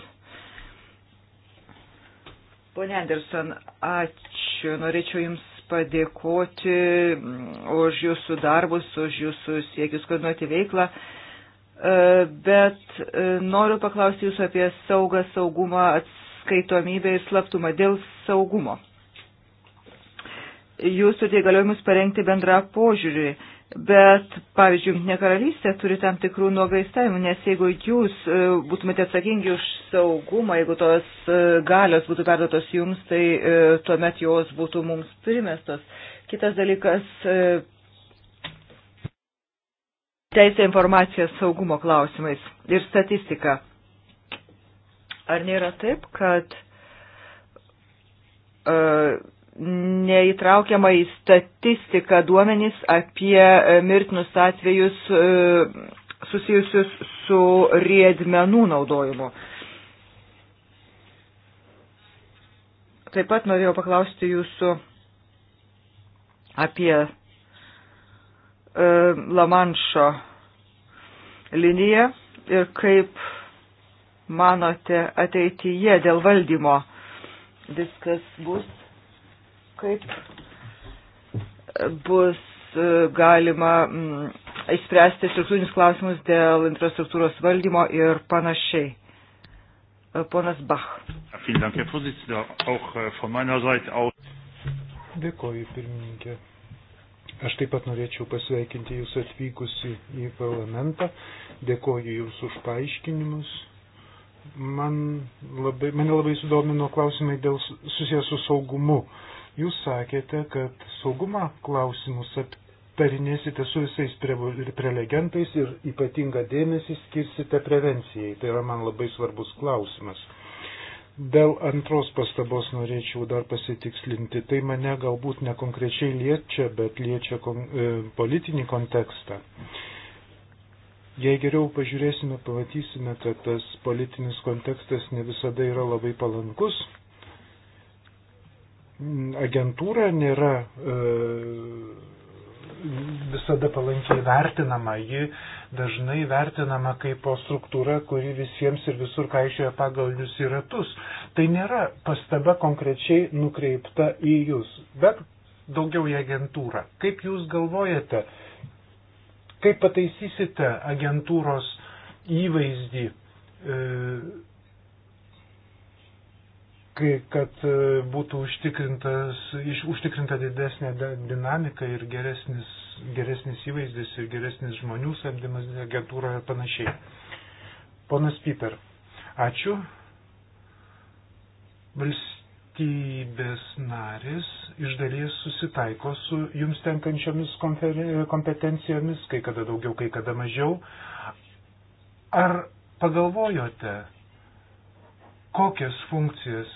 Pone Anderson, ačiū. Norėčiau Jums padėkoti mm, už jūsų darbus, už jūsų siekius koordinuoti veiklą. E, bet e, noriu paklausti jūsų apie saugą, saugumą, atskaitomybę ir slaptumą dėl saugumo. Jūs turite įgaliojimus parengti bendrą požiūrį Bet, pavyzdžiui, Junktinė karalystė turi tam tikrų nuogaistavimų, nes jeigu jūs e, būtumėte atsakingi už saugumą, jeigu tos e, galios būtų perdotos jums, tai e, tuomet jos būtų mums primestos. Kitas dalykas - teisė informacija saugumo klausimais ir statistika. Ar nėra taip, kad uh, neįtraukiama į statistiką duomenys apie e, mirtinus atvejus e, susijusius su riedmenų naudojimu. Taip pat norėjau paklausti jūsų apie e, Lamanšo liniją ir kaip manote ateityje dėl valdymo viskas bus kaip bus e, galima įspręsti struktūrinius klausimus dėl infrastruktūros valdymo ir panašiai. E, ponas Bach. Äh, Dėkoju, pirmininkė. Aš taip pat norėčiau pasveikinti Jūs atvykusi į parlamentą. Dėkoju Jūs už paaiškinimus. Man labai, mane labai sudomino klausimai dėl susijęs su saugumu. Uh, Jūs sakėte, kad saugumą klausimus aptarinėsite su visais prelegentais ir ypatingą dėmesį skirsite prevencijai. Tai yra man labai svarbus klausimas. Dėl antros pastabos norėčiau dar pasitikslinti. Tai mane galbūt nekonkrečiai liečia, bet liečia kon, e, politinį kontekstą. Jei geriau pažiūrėsime, pamatysime, kad tas politinis kontekstas ne visada yra labai palankus agentūra nėra e, visada palankiai vertinama, ji dažnai vertinama kaip po struktūra, kuri visiems ir visur kaišioja pagalnius į ratus. Tai nėra pastaba konkrečiai nukreipta į jūs, bet daugiau į agentūrą. Kaip jūs galvojate, kaip pataisysite agentūros įvaizdį? E, kai, kad e, būtų iš, užtikrinta didesnė dinamika ir geresnis, geresnis įvaizdis ir geresnis žmonių samdymas agentūroje ir panašiai. Ponas Piper, ačiū. Valstybės narės iš dalies susitaiko su jums tenkančiomis kompetencijomis, kai kada daugiau, kai kada mažiau. Ar pagalvojote, kokias funkcijas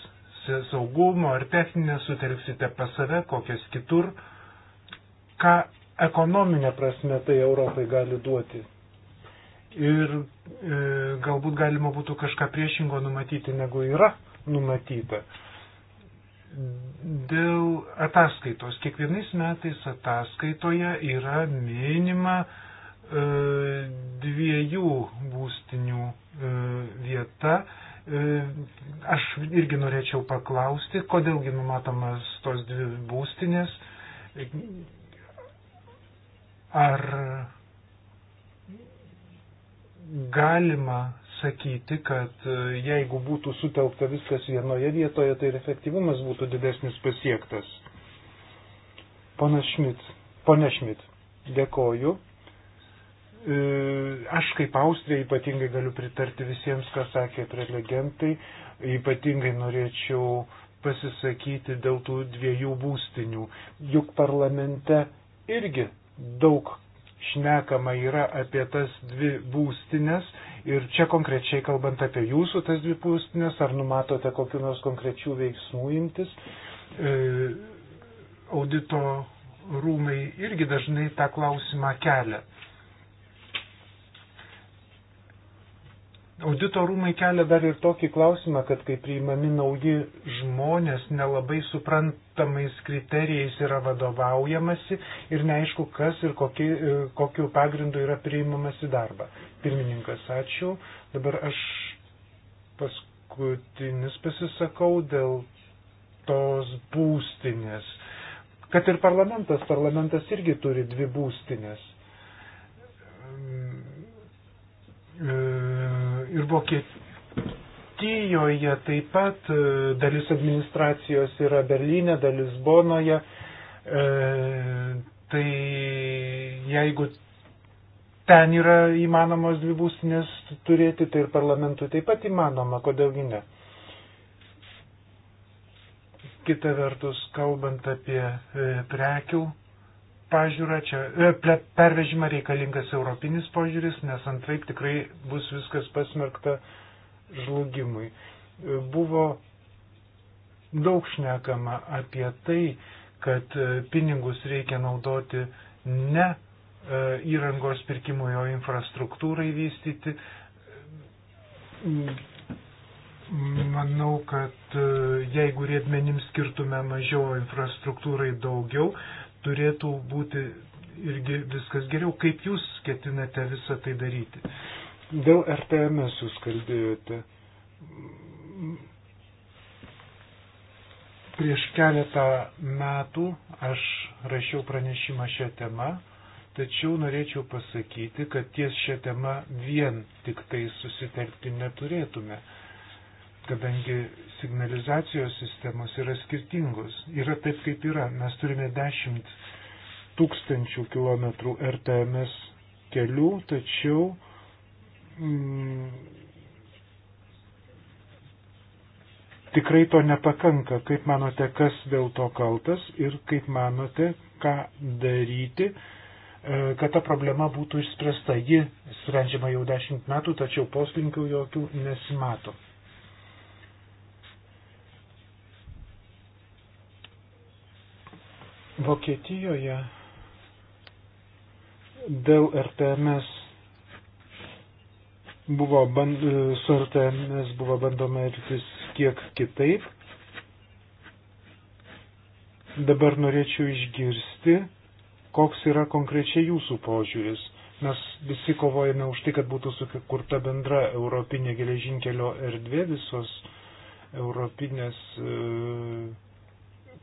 saugumo ar techninės sutelksite pas save, kokias kitur, ką ekonominė prasme tai Europai gali duoti. Ir e, galbūt galima būtų kažką priešingo numatyti, negu yra numatyta. Dėl ataskaitos. Kiekvienais metais ataskaitoje yra minima e, dviejų būstinių e, vieta. E, E, aš irgi norėčiau paklausti, kodėlgi numatomas tos dvi būstinės. Ar galima sakyti, kad e, jeigu būtų sutelkta viskas vienoje vietoje, tai ir efektyvumas būtų didesnis pasiektas? Pana Šmit, pana Šmit, dėkoju. E, aš kaip Austrija ypatingai galiu pritarti visiems, ką sakė prelegentai. Ypatingai norėčiau pasisakyti dėl tų dviejų būstinių. Juk parlamente irgi daug šnekama yra apie tas dvi būstinės ir čia konkrečiai kalbant apie jūsų tas dvi būstinės, ar numatote kokiu nors konkrečių veiksmų imtis. E, audito rūmai irgi dažnai tą klausimą kelia. Audito rūmai kelia dar ir tokį klausimą, kad kai priimami nauji žmonės, nelabai suprantamais kriterijais yra vadovaujamasi ir neaišku, kas ir kokie, e, kokiu pagrindu yra priimamas į darbą. Pirmininkas, ačiū. Dabar aš paskutinis pasisakau dėl tos būstinės. Kad ir parlamentas, parlamentas irgi turi dvi būstinės. Mm, e, ir Vokietijoje taip pat e, dalis administracijos yra Berlyne, dalis Bonoje. E, tai jeigu ten yra įmanomos dvi būstinės turėti, tai ir parlamentui taip pat įmanoma, kodėlgi ne. Kita vertus, kalbant apie e, prekių pažiūrą, čia e, pervežimą reikalingas europinis požiūris, nes antraip tikrai bus viskas pasmerkta žlugimui. E, buvo daug šnekama apie tai, kad e, pinigus reikia naudoti ne įrangos pirkimui, o infrastruktūrai vystyti. Manau, kad jeigu riedmenims skirtume mažiau infrastruktūrai daugiau, turėtų būti irgi viskas geriau. Kaip jūs ketinate visą tai daryti? Dėl RTMS jūs kalbėjote. Prieš keletą metų aš rašiau pranešimą šią temą, tačiau norėčiau pasakyti, kad ties šią temą vien tik tai susitelkti neturėtume kadangi signalizacijos sistemos yra skirtingos. Yra taip, kaip yra. Mes turime 10 tūkstančių kilometrų RTMS kelių, tačiau mm, tikrai to nepakanka. Kaip manote, kas dėl to kaltas ir kaip manote, ką daryti, e, kad ta problema būtų išspręsta. Ji sprendžiama jau dešimt metų, tačiau poslinkių jokių nesimato. Vokietijoje dėl RTMS buvo, band, su RTMS buvo bandoma elgtis kiek kitaip. Dabar norėčiau išgirsti, koks yra konkrečiai jūsų požiūris. Mes visi kovojame už tai, kad būtų sukurta bendra europinė geležinkelio erdvė, visos europinės. E,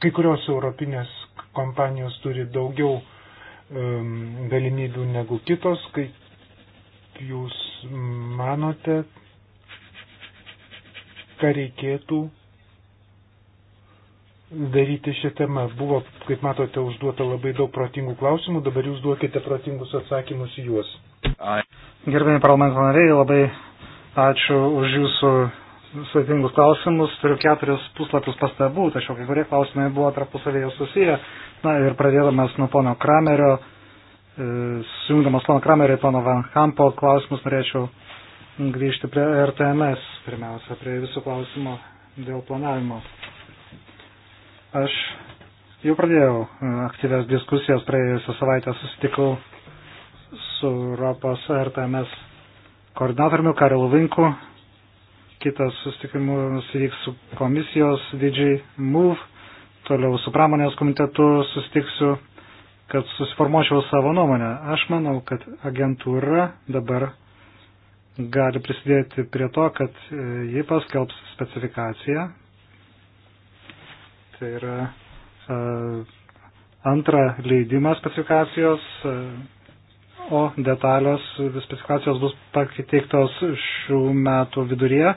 kai kurios europinės kompanijos turi daugiau um, galimybių negu kitos, kaip jūs manote, ką reikėtų daryti šią temą. Buvo, kaip matote, užduota labai daug protingų klausimų, dabar jūs duokite protingus atsakymus į juos. Gerbėjai parlamento nariai, labai ačiū už jūsų sudėtingus klausimus, turiu keturis puslapius pastabų, tačiau kai kurie klausimai buvo tarpusavėje susiję. Na ir pradėdamas nuo pono Kramerio, e, sujungdamas pono Kramerio ir pono Van Kampo klausimus, norėčiau grįžti prie RTMS, pirmiausia, prie visų klausimų dėl planavimo. Aš jau pradėjau e, aktyves diskusijas, praėjusią savaitę susitikau su Europos RTMS koordinatoriumi Karilu Vinku kitas susitikimus vyks su komisijos didžiai MOVE, toliau su pramonės komitetu susitiksiu, kad susiformuočiau savo nuomonę. Aš manau, kad agentūra dabar gali prisidėti prie to, kad e, ji paskelbs specifikaciją. Tai yra e, antrą leidimą specifikacijos e, o detalios specifikacijos bus pateiktos šių metų viduryje.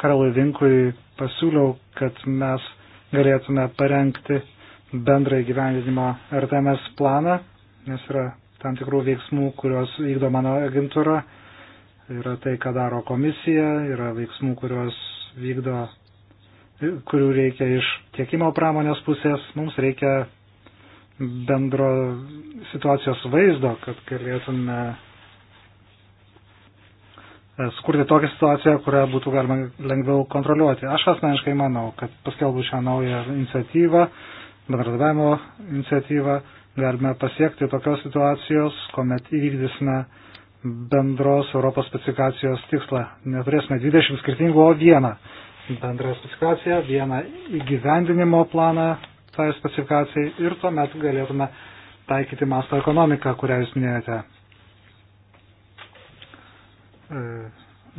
Karalui Vinkui pasiūliau, kad mes galėtume parengti bendrą įgyvendinimo RTMS planą, nes yra tam tikrų veiksmų, kuriuos vykdo mano agentūra, yra tai, ką daro komisija, yra veiksmų, kuriuos vykdo, kurių reikia iš tiekimo pramonės pusės, mums reikia bendro situacijos vaizdo, kad galėtume e, skurti tokią situaciją, kurią būtų galima lengviau kontroliuoti. Aš asmeniškai manau, kad paskelbus šią naują iniciatyvą, bendradarbiavimo iniciatyvą, galime pasiekti tokios situacijos, kuomet įvykdysime bendros Europos specifikacijos tikslą. Neturėsime 20 skirtingų, o vieną bendrą specifikaciją, vieną įgyvendinimo planą, tai specifikacijai ir tuomet galėtume taikyti masto ekonomiką, kurią jūs minėjote. E,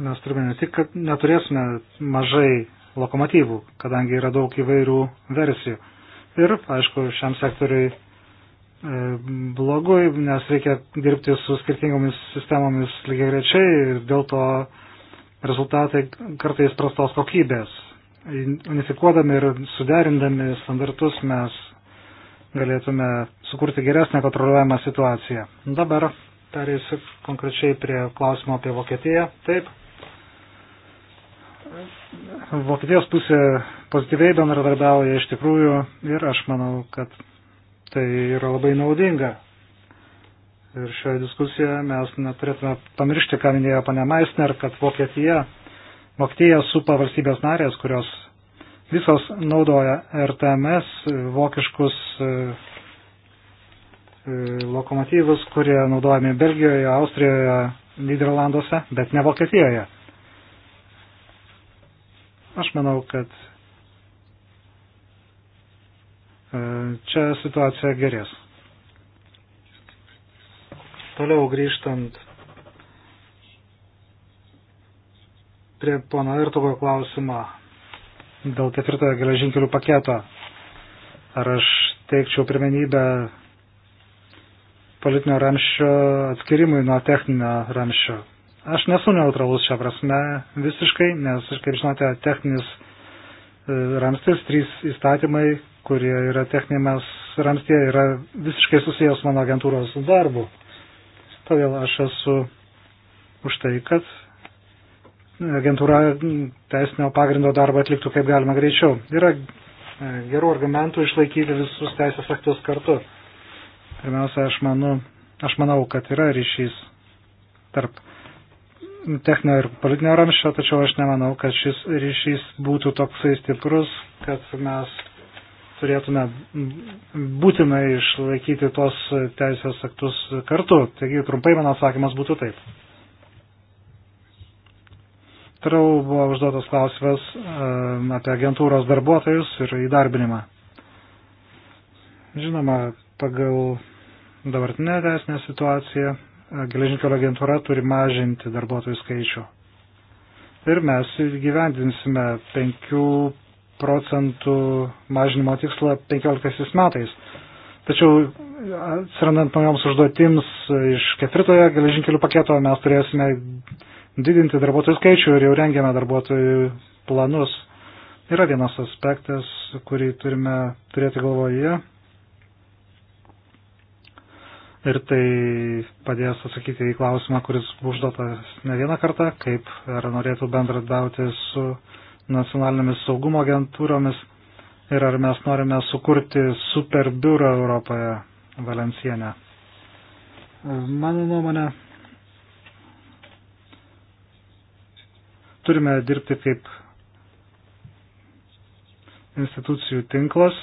mes turime ne tik, kad neturėsime mažai lokomotyvų, kadangi yra daug įvairių versijų. Ir, aišku, šiam sektoriui e, blogui, nes reikia dirbti su skirtingomis sistemomis lygiai grečiai ir dėl to rezultatai kartais prastos kokybės unifikuodami ir suderindami standartus mes galėtume sukurti geresnę kontroliuojamą situaciją. Dabar perėsiu konkrečiai prie klausimo apie Vokietiją. Taip. Vokietijos pusė pozityviai bendradarbiauja iš tikrųjų ir aš manau, kad tai yra labai naudinga. Ir šioje diskusijoje mes neturėtume pamiršti, ką minėjo pane Meisner, kad Vokietija Vokietija supa valstybės narės, kurios visos naudoja RTMS, vokiškus e, e, lokomotyvus, kurie naudojami Belgijoje, Austrijoje, Niderlanduose, bet ne Vokietijoje. Aš manau, kad e, čia situacija gerės. Toliau grįžtant prie pono Ertogo klausimo dėl ketvirtojo geležinkelių paketo. Ar aš teikčiau pirmenybę politinio ramščio atskirimui nuo techninio ramščio? Aš nesu neutralus šią prasme visiškai, nes, kaip žinote, techninis e, ramstis, trys įstatymai, kurie yra techninės ramstie, yra visiškai susijęs mano agentūros darbu. Todėl aš esu už tai, kad agentūra teisinio pagrindo darbą atliktų kaip galima greičiau. Yra e, gerų argumentų išlaikyti visus teisės aktus kartu. Pirmiausia, aš, manu, aš manau, kad yra ryšys tarp techninio ir politinio ramščio, tačiau aš nemanau, kad šis ryšys būtų toksai stiprus, kad mes turėtume būtinai išlaikyti tos teisės aktus kartu. Taigi trumpai mano atsakymas būtų taip. Toliau buvo užduotas klausimas apie agentūros darbuotojus ir įdarbinimą. Žinoma, pagal dabartinę teisinę situaciją e, geležinkelio agentūra turi mažinti darbuotojų skaičių. Ir mes gyvendinsime 5 procentų mažinimo tikslą 15 metais. Tačiau e, atsirandant naujoms užduotims iš ketvirtojo geležinkelių paketo mes turėsime didinti darbuotojų skaičių ir jau rengiame darbuotojų planus. Yra vienas aspektas, kurį turime turėti galvoje. Ir tai padės atsakyti į klausimą, kuris užduotas ne vieną kartą, kaip ar norėtų bendradauti su nacionalinėmis saugumo agentūromis ir ar mes norime sukurti super biurą Europoje, Valencienę. Mano nuomonė, turime dirbti kaip institucijų tinklas,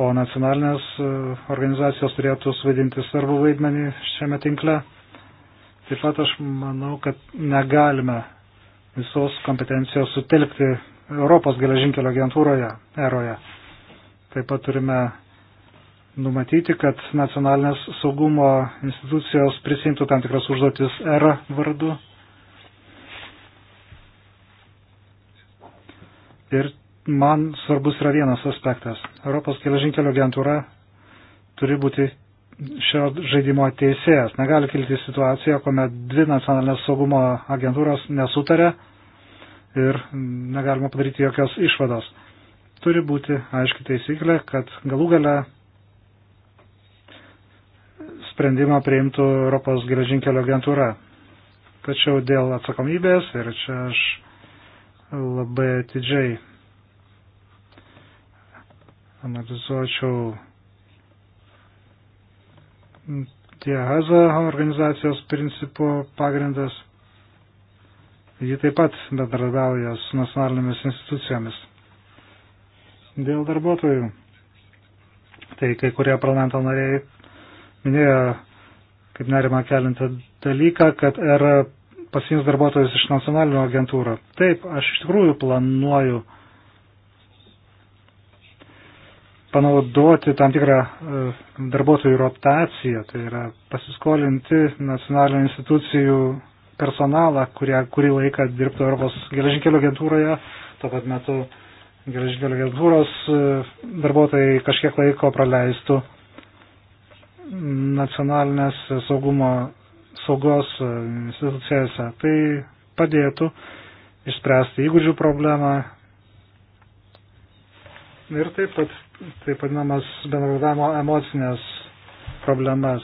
o nacionalinės e, organizacijos turėtų suvaidinti svarbų vaidmenį šiame tinkle. Taip pat aš manau, kad negalime visos kompetencijos sutelkti Europos geležinkelio agentūroje, eroje. Taip pat turime numatyti, kad nacionalinės saugumo institucijos prisimtų tam tikras užduotis R vardu. Ir man svarbus yra vienas aspektas. Europos geležinkelio agentūra turi būti šio žaidimo teisėjas. Negali kilti situacija, kuomet dvi nacionalinės saugumo agentūros nesutarė ir negalima padaryti jokios išvados. Turi būti aiški taisyklė, kad galų gale sprendimą priimtų Europos geležinkelio agentūra. Tačiau dėl atsakomybės ir čia aš labai atidžiai analizuočiau Tiehaza organizacijos principų pagrindas. Ji taip pat bendradavauja su nacionalinėmis institucijomis. Dėl darbuotojų. Tai kai kurie parlamento nariai minėjo kaip nerima kelintą dalyką, kad ERA pasiims darbuotojus iš nacionalinio agentūro. Taip, aš iš tikrųjų planuoju panaudoti tam tikrą e, darbuotojų rotaciją, tai yra pasiskolinti nacionalinių institucijų personalą, kurie kurį laiką dirbtų Europos geležinkelio agentūroje, tuo pat metu geležinkelio agentūros e, darbuotojai kažkiek laiko praleistų nacionalinės saugumo saugos institucijose. Tai padėtų išspręsti įgūdžių problemą ir taip pat taip vadinamas bendradavimo emocinės problemas.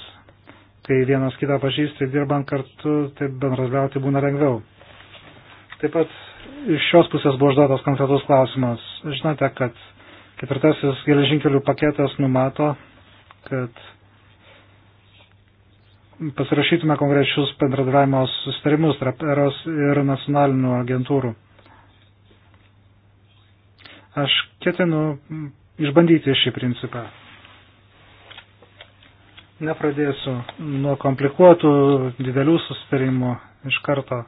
Kai vienas kitą pažįsti, dirbant kartu, tai bendradarbiauti būna lengviau. Taip pat iš šios pusės buvo užduotas konkretus klausimas. Žinote, kad ketvirtasis geležinkelių paketas numato, kad pasirašytume konkrečius bendradarbiavimo sustarimus tarp eros ir nacionalinių agentūrų. Aš ketinu išbandyti šį principą. Nepradėsiu nuo komplikuotų didelių sustarimų iš karto.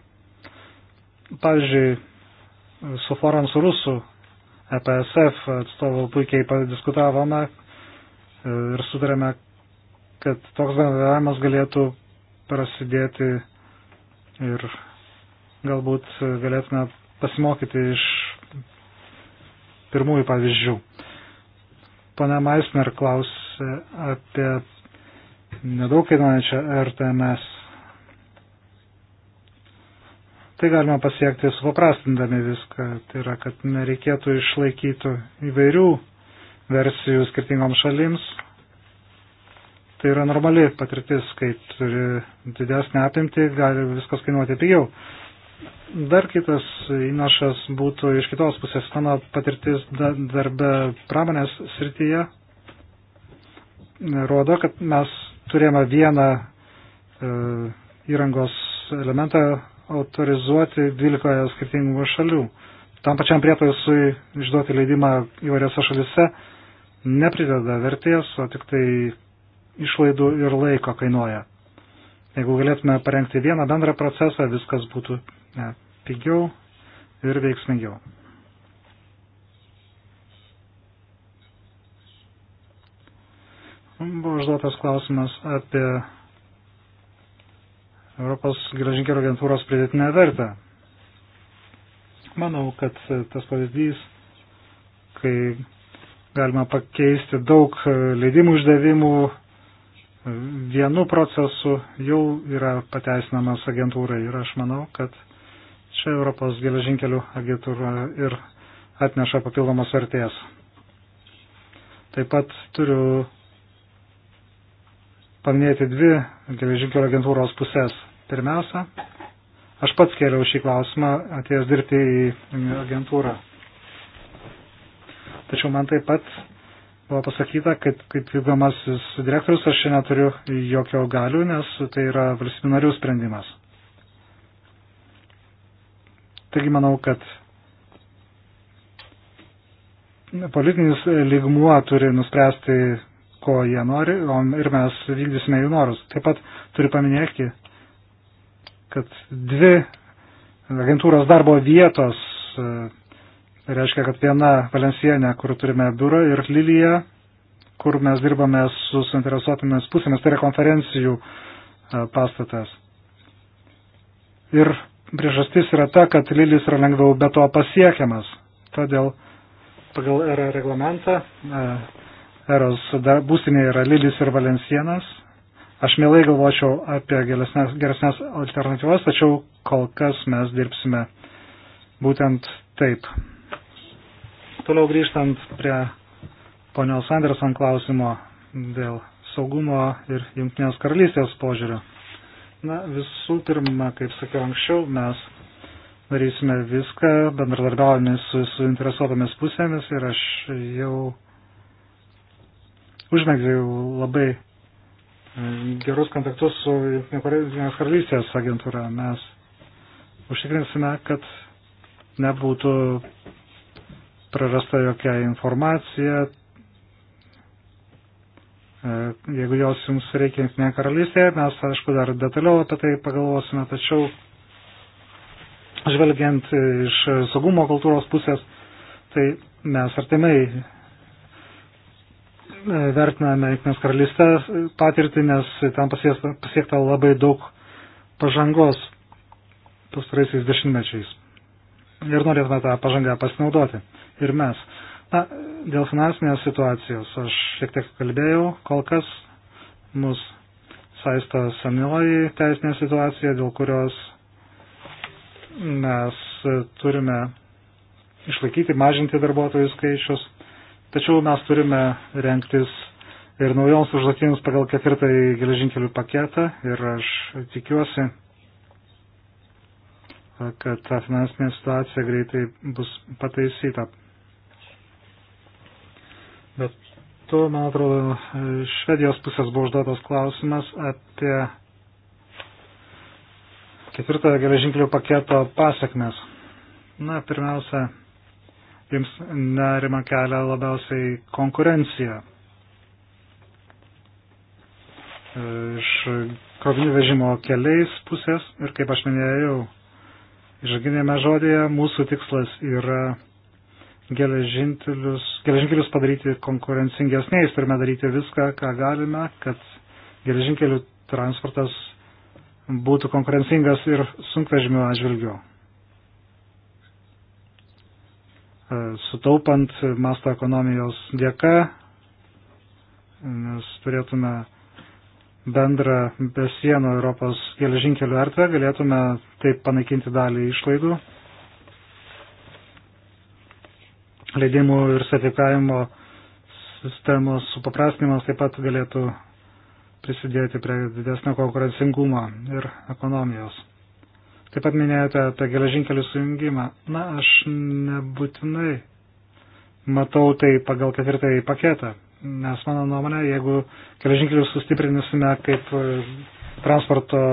Pavyzdžiui, su forum su rusų EPSF atstovu puikiai padiskutavome ir sutarėme, kad toks bendravimas galėtų prasidėti ir galbūt galėtume pasimokyti iš pirmųjų pavyzdžių. Pane Maisner klausė apie nedaug kainuojančią RTMS. Tai galima pasiekti supaprastindami viską, tai yra, kad nereikėtų išlaikyti įvairių versijų skirtingoms šalims, Tai yra normali patirtis, kai turi didesnę apimtį, gali viskas kainuoti pigiau. Dar kitas įnašas būtų iš kitos pusės mano patirtis darbe pramonės srityje. Rodo, kad mes turėjome vieną e, įrangos elementą autorizuoti 12 skirtingų šalių. Tam pačiam prietaisui išduoti leidimą įvairiose šalise neprideda vertės, o tik tai išlaidų ir laiko kainuoja. Jeigu galėtume parengti vieną bendrą procesą, viskas būtų ne, pigiau ir veiksmingiau. Buvo užduotas klausimas apie Europos geležinkelio agentūros pridėtinę vertę. Manau, kad tas pavyzdys, kai galima pakeisti daug leidimų išdavimų vienu procesu jau yra pateisinamas agentūrai ir aš manau, kad čia Europos geležinkelių agentūra ir atneša papildomos vertės. Taip pat turiu paminėti dvi geležinkelio agentūros pusės. Pirmiausia, aš pats kėliau šį klausimą atėjęs dirbti į agentūrą. Tačiau man taip pat buvo pasakyta, kad kaip vykdomasis direktorius aš šiandien turiu jokio galių, nes tai yra valstybių narių sprendimas. Taigi manau, kad politinis lygmuo turi nuspręsti, ko jie nori, o ir mes vykdysime jų norus. Taip pat turiu paminėti, kad dvi agentūros darbo vietos Tai reiškia, kad viena Valencienė, kur turime biurą, ir Lilija, kur mes dirbame su suinteresuotomis pusėmis, tai yra konferencijų e, pastatas. Ir priežastis yra ta, kad Lilis yra lengviau be to pasiekiamas. Todėl pagal ERA reglamentą e, EROS būstinė yra Lilis ir Valencienas. Aš mielai galvočiau apie geresnės, geresnės alternatyvas, tačiau kol kas mes dirbsime būtent taip. Toliau grįžtant prie ponios Anderson klausimo dėl saugumo ir jungtinės karalystės požiūrio. Na, visų pirma, kaip sakiau anksčiau, mes darysime viską, bendradarbiaujame su suinteresuotomis pusėmis ir aš jau užmėgdžiau labai e, gerus kontaktus su Jungtinės karalystės agentūra. Mes užtikrinsime, kad nebūtų prarasta jokia informacija. E, jeigu jos jums reikia Junktinėje karalystėje, mes aišku dar detaliau apie tai pagalvosime, tačiau žvelgiant iš saugumo kultūros pusės, tai mes artimai e, vertiname Junktinės karalystės patirtį, nes ten pasiekta labai daug pažangos pastaraisiais dešimtmečiais ir norėtume tą pažangą pasinaudoti ir mes. Na, dėl finansinės situacijos aš šiek tiek kalbėjau, kol kas mus saisto senioji teisinė situacija, dėl kurios mes turime išlaikyti, mažinti darbuotojų skaičius, tačiau mes turime renktis ir naujoms užduotims pagal ketvirtąjį geležinkelių paketą ir aš tikiuosi, kad ta finansinė situacija greitai bus pataisyta. Bet to, man atrodo, Švedijos pusės buvo užduotas klausimas apie ketvirtojo geležinkelių paketo pasakmes. Na, pirmiausia, jums nerima kelia labiausiai konkurencija iš krovinių vežimo keliais pusės ir kaip aš minėjau, žaginėme žodėje mūsų tikslas yra geležinkelius, geležinkelius padaryti konkurencingesniais. Turime daryti viską, ką galime, kad geležinkelių transportas būtų konkurencingas ir sunkvežimių atžvilgių. E, sutaupant masto ekonomijos dėka, nes turėtume bendrą besienų Europos geležinkelių erdvę, galėtume taip panaikinti dalį išlaidų leidimų ir sertifikavimo sistemos supaprastinimas taip pat galėtų prisidėti prie didesnio konkurencingumo ir ekonomijos. Taip pat minėjote apie geležinkelių sujungimą. Na, aš nebūtinai matau tai pagal ketvirtąjį paketą, nes mano nuomonė, jeigu geležinkelius sustiprinsime kaip e, transporto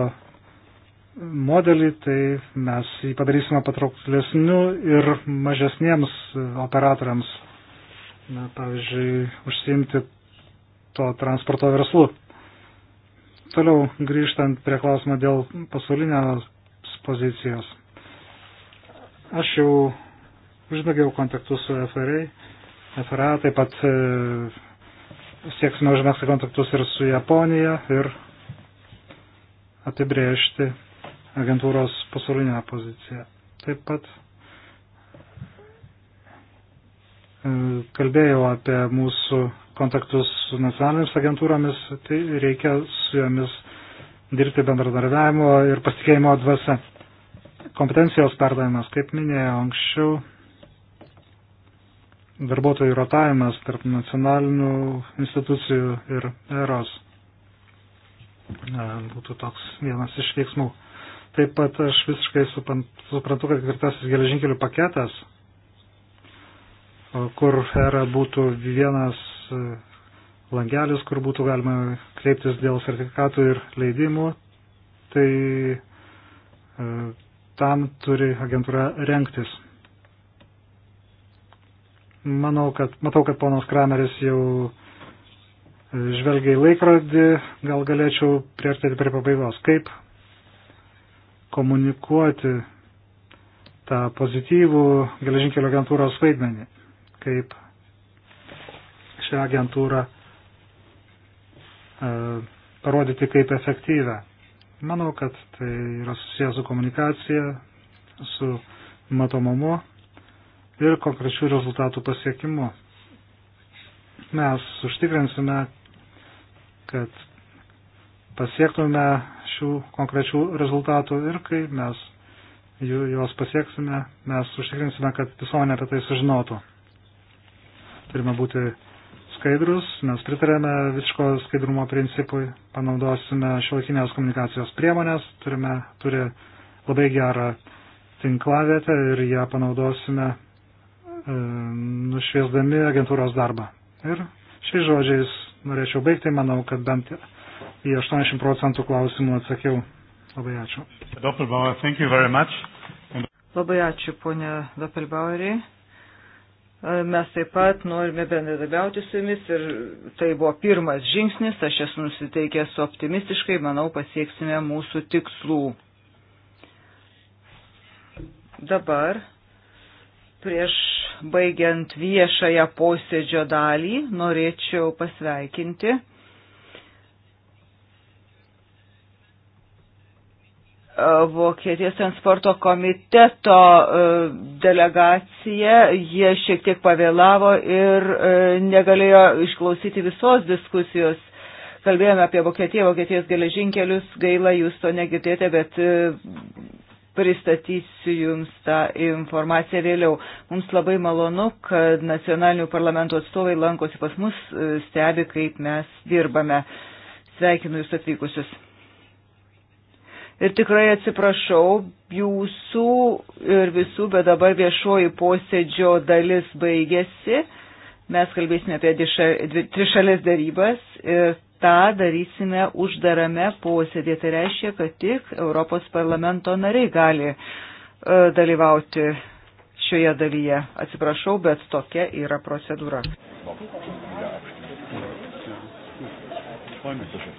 modelį, tai mes jį padarysime patrauklesniu ir mažesniems operatoriams, na, pavyzdžiui, užsiimti to transporto verslu. Toliau grįžtant prie klausimą dėl pasaulinės pozicijos. Aš jau užmėgiau kontaktus su FRA, FRA taip pat e, sieksime užmėgti kontaktus ir su Japonija ir apibrėžti agentūros pasaulinę poziciją. Taip pat e, kalbėjau apie mūsų kontaktus su nacionalinėmis agentūromis, tai reikia su jomis dirbti bendradarbiavimo ir pasitikėjimo dvasia. Kompetencijos perdavimas, kaip minėjau anksčiau, darbuotojų rotavimas tarp nacionalinių institucijų ir eros e, būtų toks vienas iš veiksmų. Taip pat aš visiškai suprantu, kad ketvirtasis geležinkelių paketas, kur era būtų vienas e, langelis, kur būtų galima kreiptis dėl sertifikatų ir leidimų, tai e, tam turi agentūra renktis. Manau, kad, matau, kad ponas Krameris jau e, žvelgia į laikrodį, gal galėčiau priartėti prie pabaigos. Kaip komunikuoti tą pozityvų geležinkelio agentūros vaidmenį, kaip šią agentūrą e, parodyti kaip efektyvę. Manau, kad tai yra susijęs su komunikacija, su matomumu ir konkrečių rezultatų pasiekimu. Mes užtikrinsime, kad pasiektume šių konkrečių rezultatų ir kai mes jų, juos pasieksime, mes užtikrinsime, kad visuomenė apie tai sužinotų. Turime būti skaidrus, mes pritarėme visiško skaidrumo principui, panaudosime šiuolaikinės komunikacijos priemonės, turime, turi labai gerą tinklavietę ir ją panaudosime e, nušviesdami agentūros darbą. Ir šiais žodžiais norėčiau baigti, manau, kad bent į 80 procentų klausimų atsakiau. Labai ačiū. Labai ačiū, ponė Doppelbauerį. E, mes taip pat norime bendradarbiauti su jumis ir tai buvo pirmas žingsnis, aš esu nusiteikęs optimistiškai, manau pasieksime mūsų tikslų. Dabar, prieš baigiant viešąją posėdžio dalį, norėčiau pasveikinti Vokietijos transporto komiteto e, delegacija, jie šiek tiek pavėlavo ir e, negalėjo išklausyti visos diskusijos. Kalbėjome apie Vokietiją, Vokietijos geležinkelius, gaila, jūs to negirdėjote, bet e, pristatysiu Jums tą informaciją vėliau. Mums labai malonu, kad nacionalinių parlamentų atstovai lankosi pas mus, stebi, kaip mes dirbame. Sveikinu Jūs atvykusius. Ir tikrai atsiprašau jūsų ir visų, bet dabar viešoji posėdžio dalis baigėsi. Mes kalbėsime apie trišalės darybas ir tą darysime uždarame posėdėje. Tai reiškia, kad tik Europos parlamento nariai gali e, dalyvauti šioje dalyje. Atsiprašau, bet tokia yra procedūra. Ja,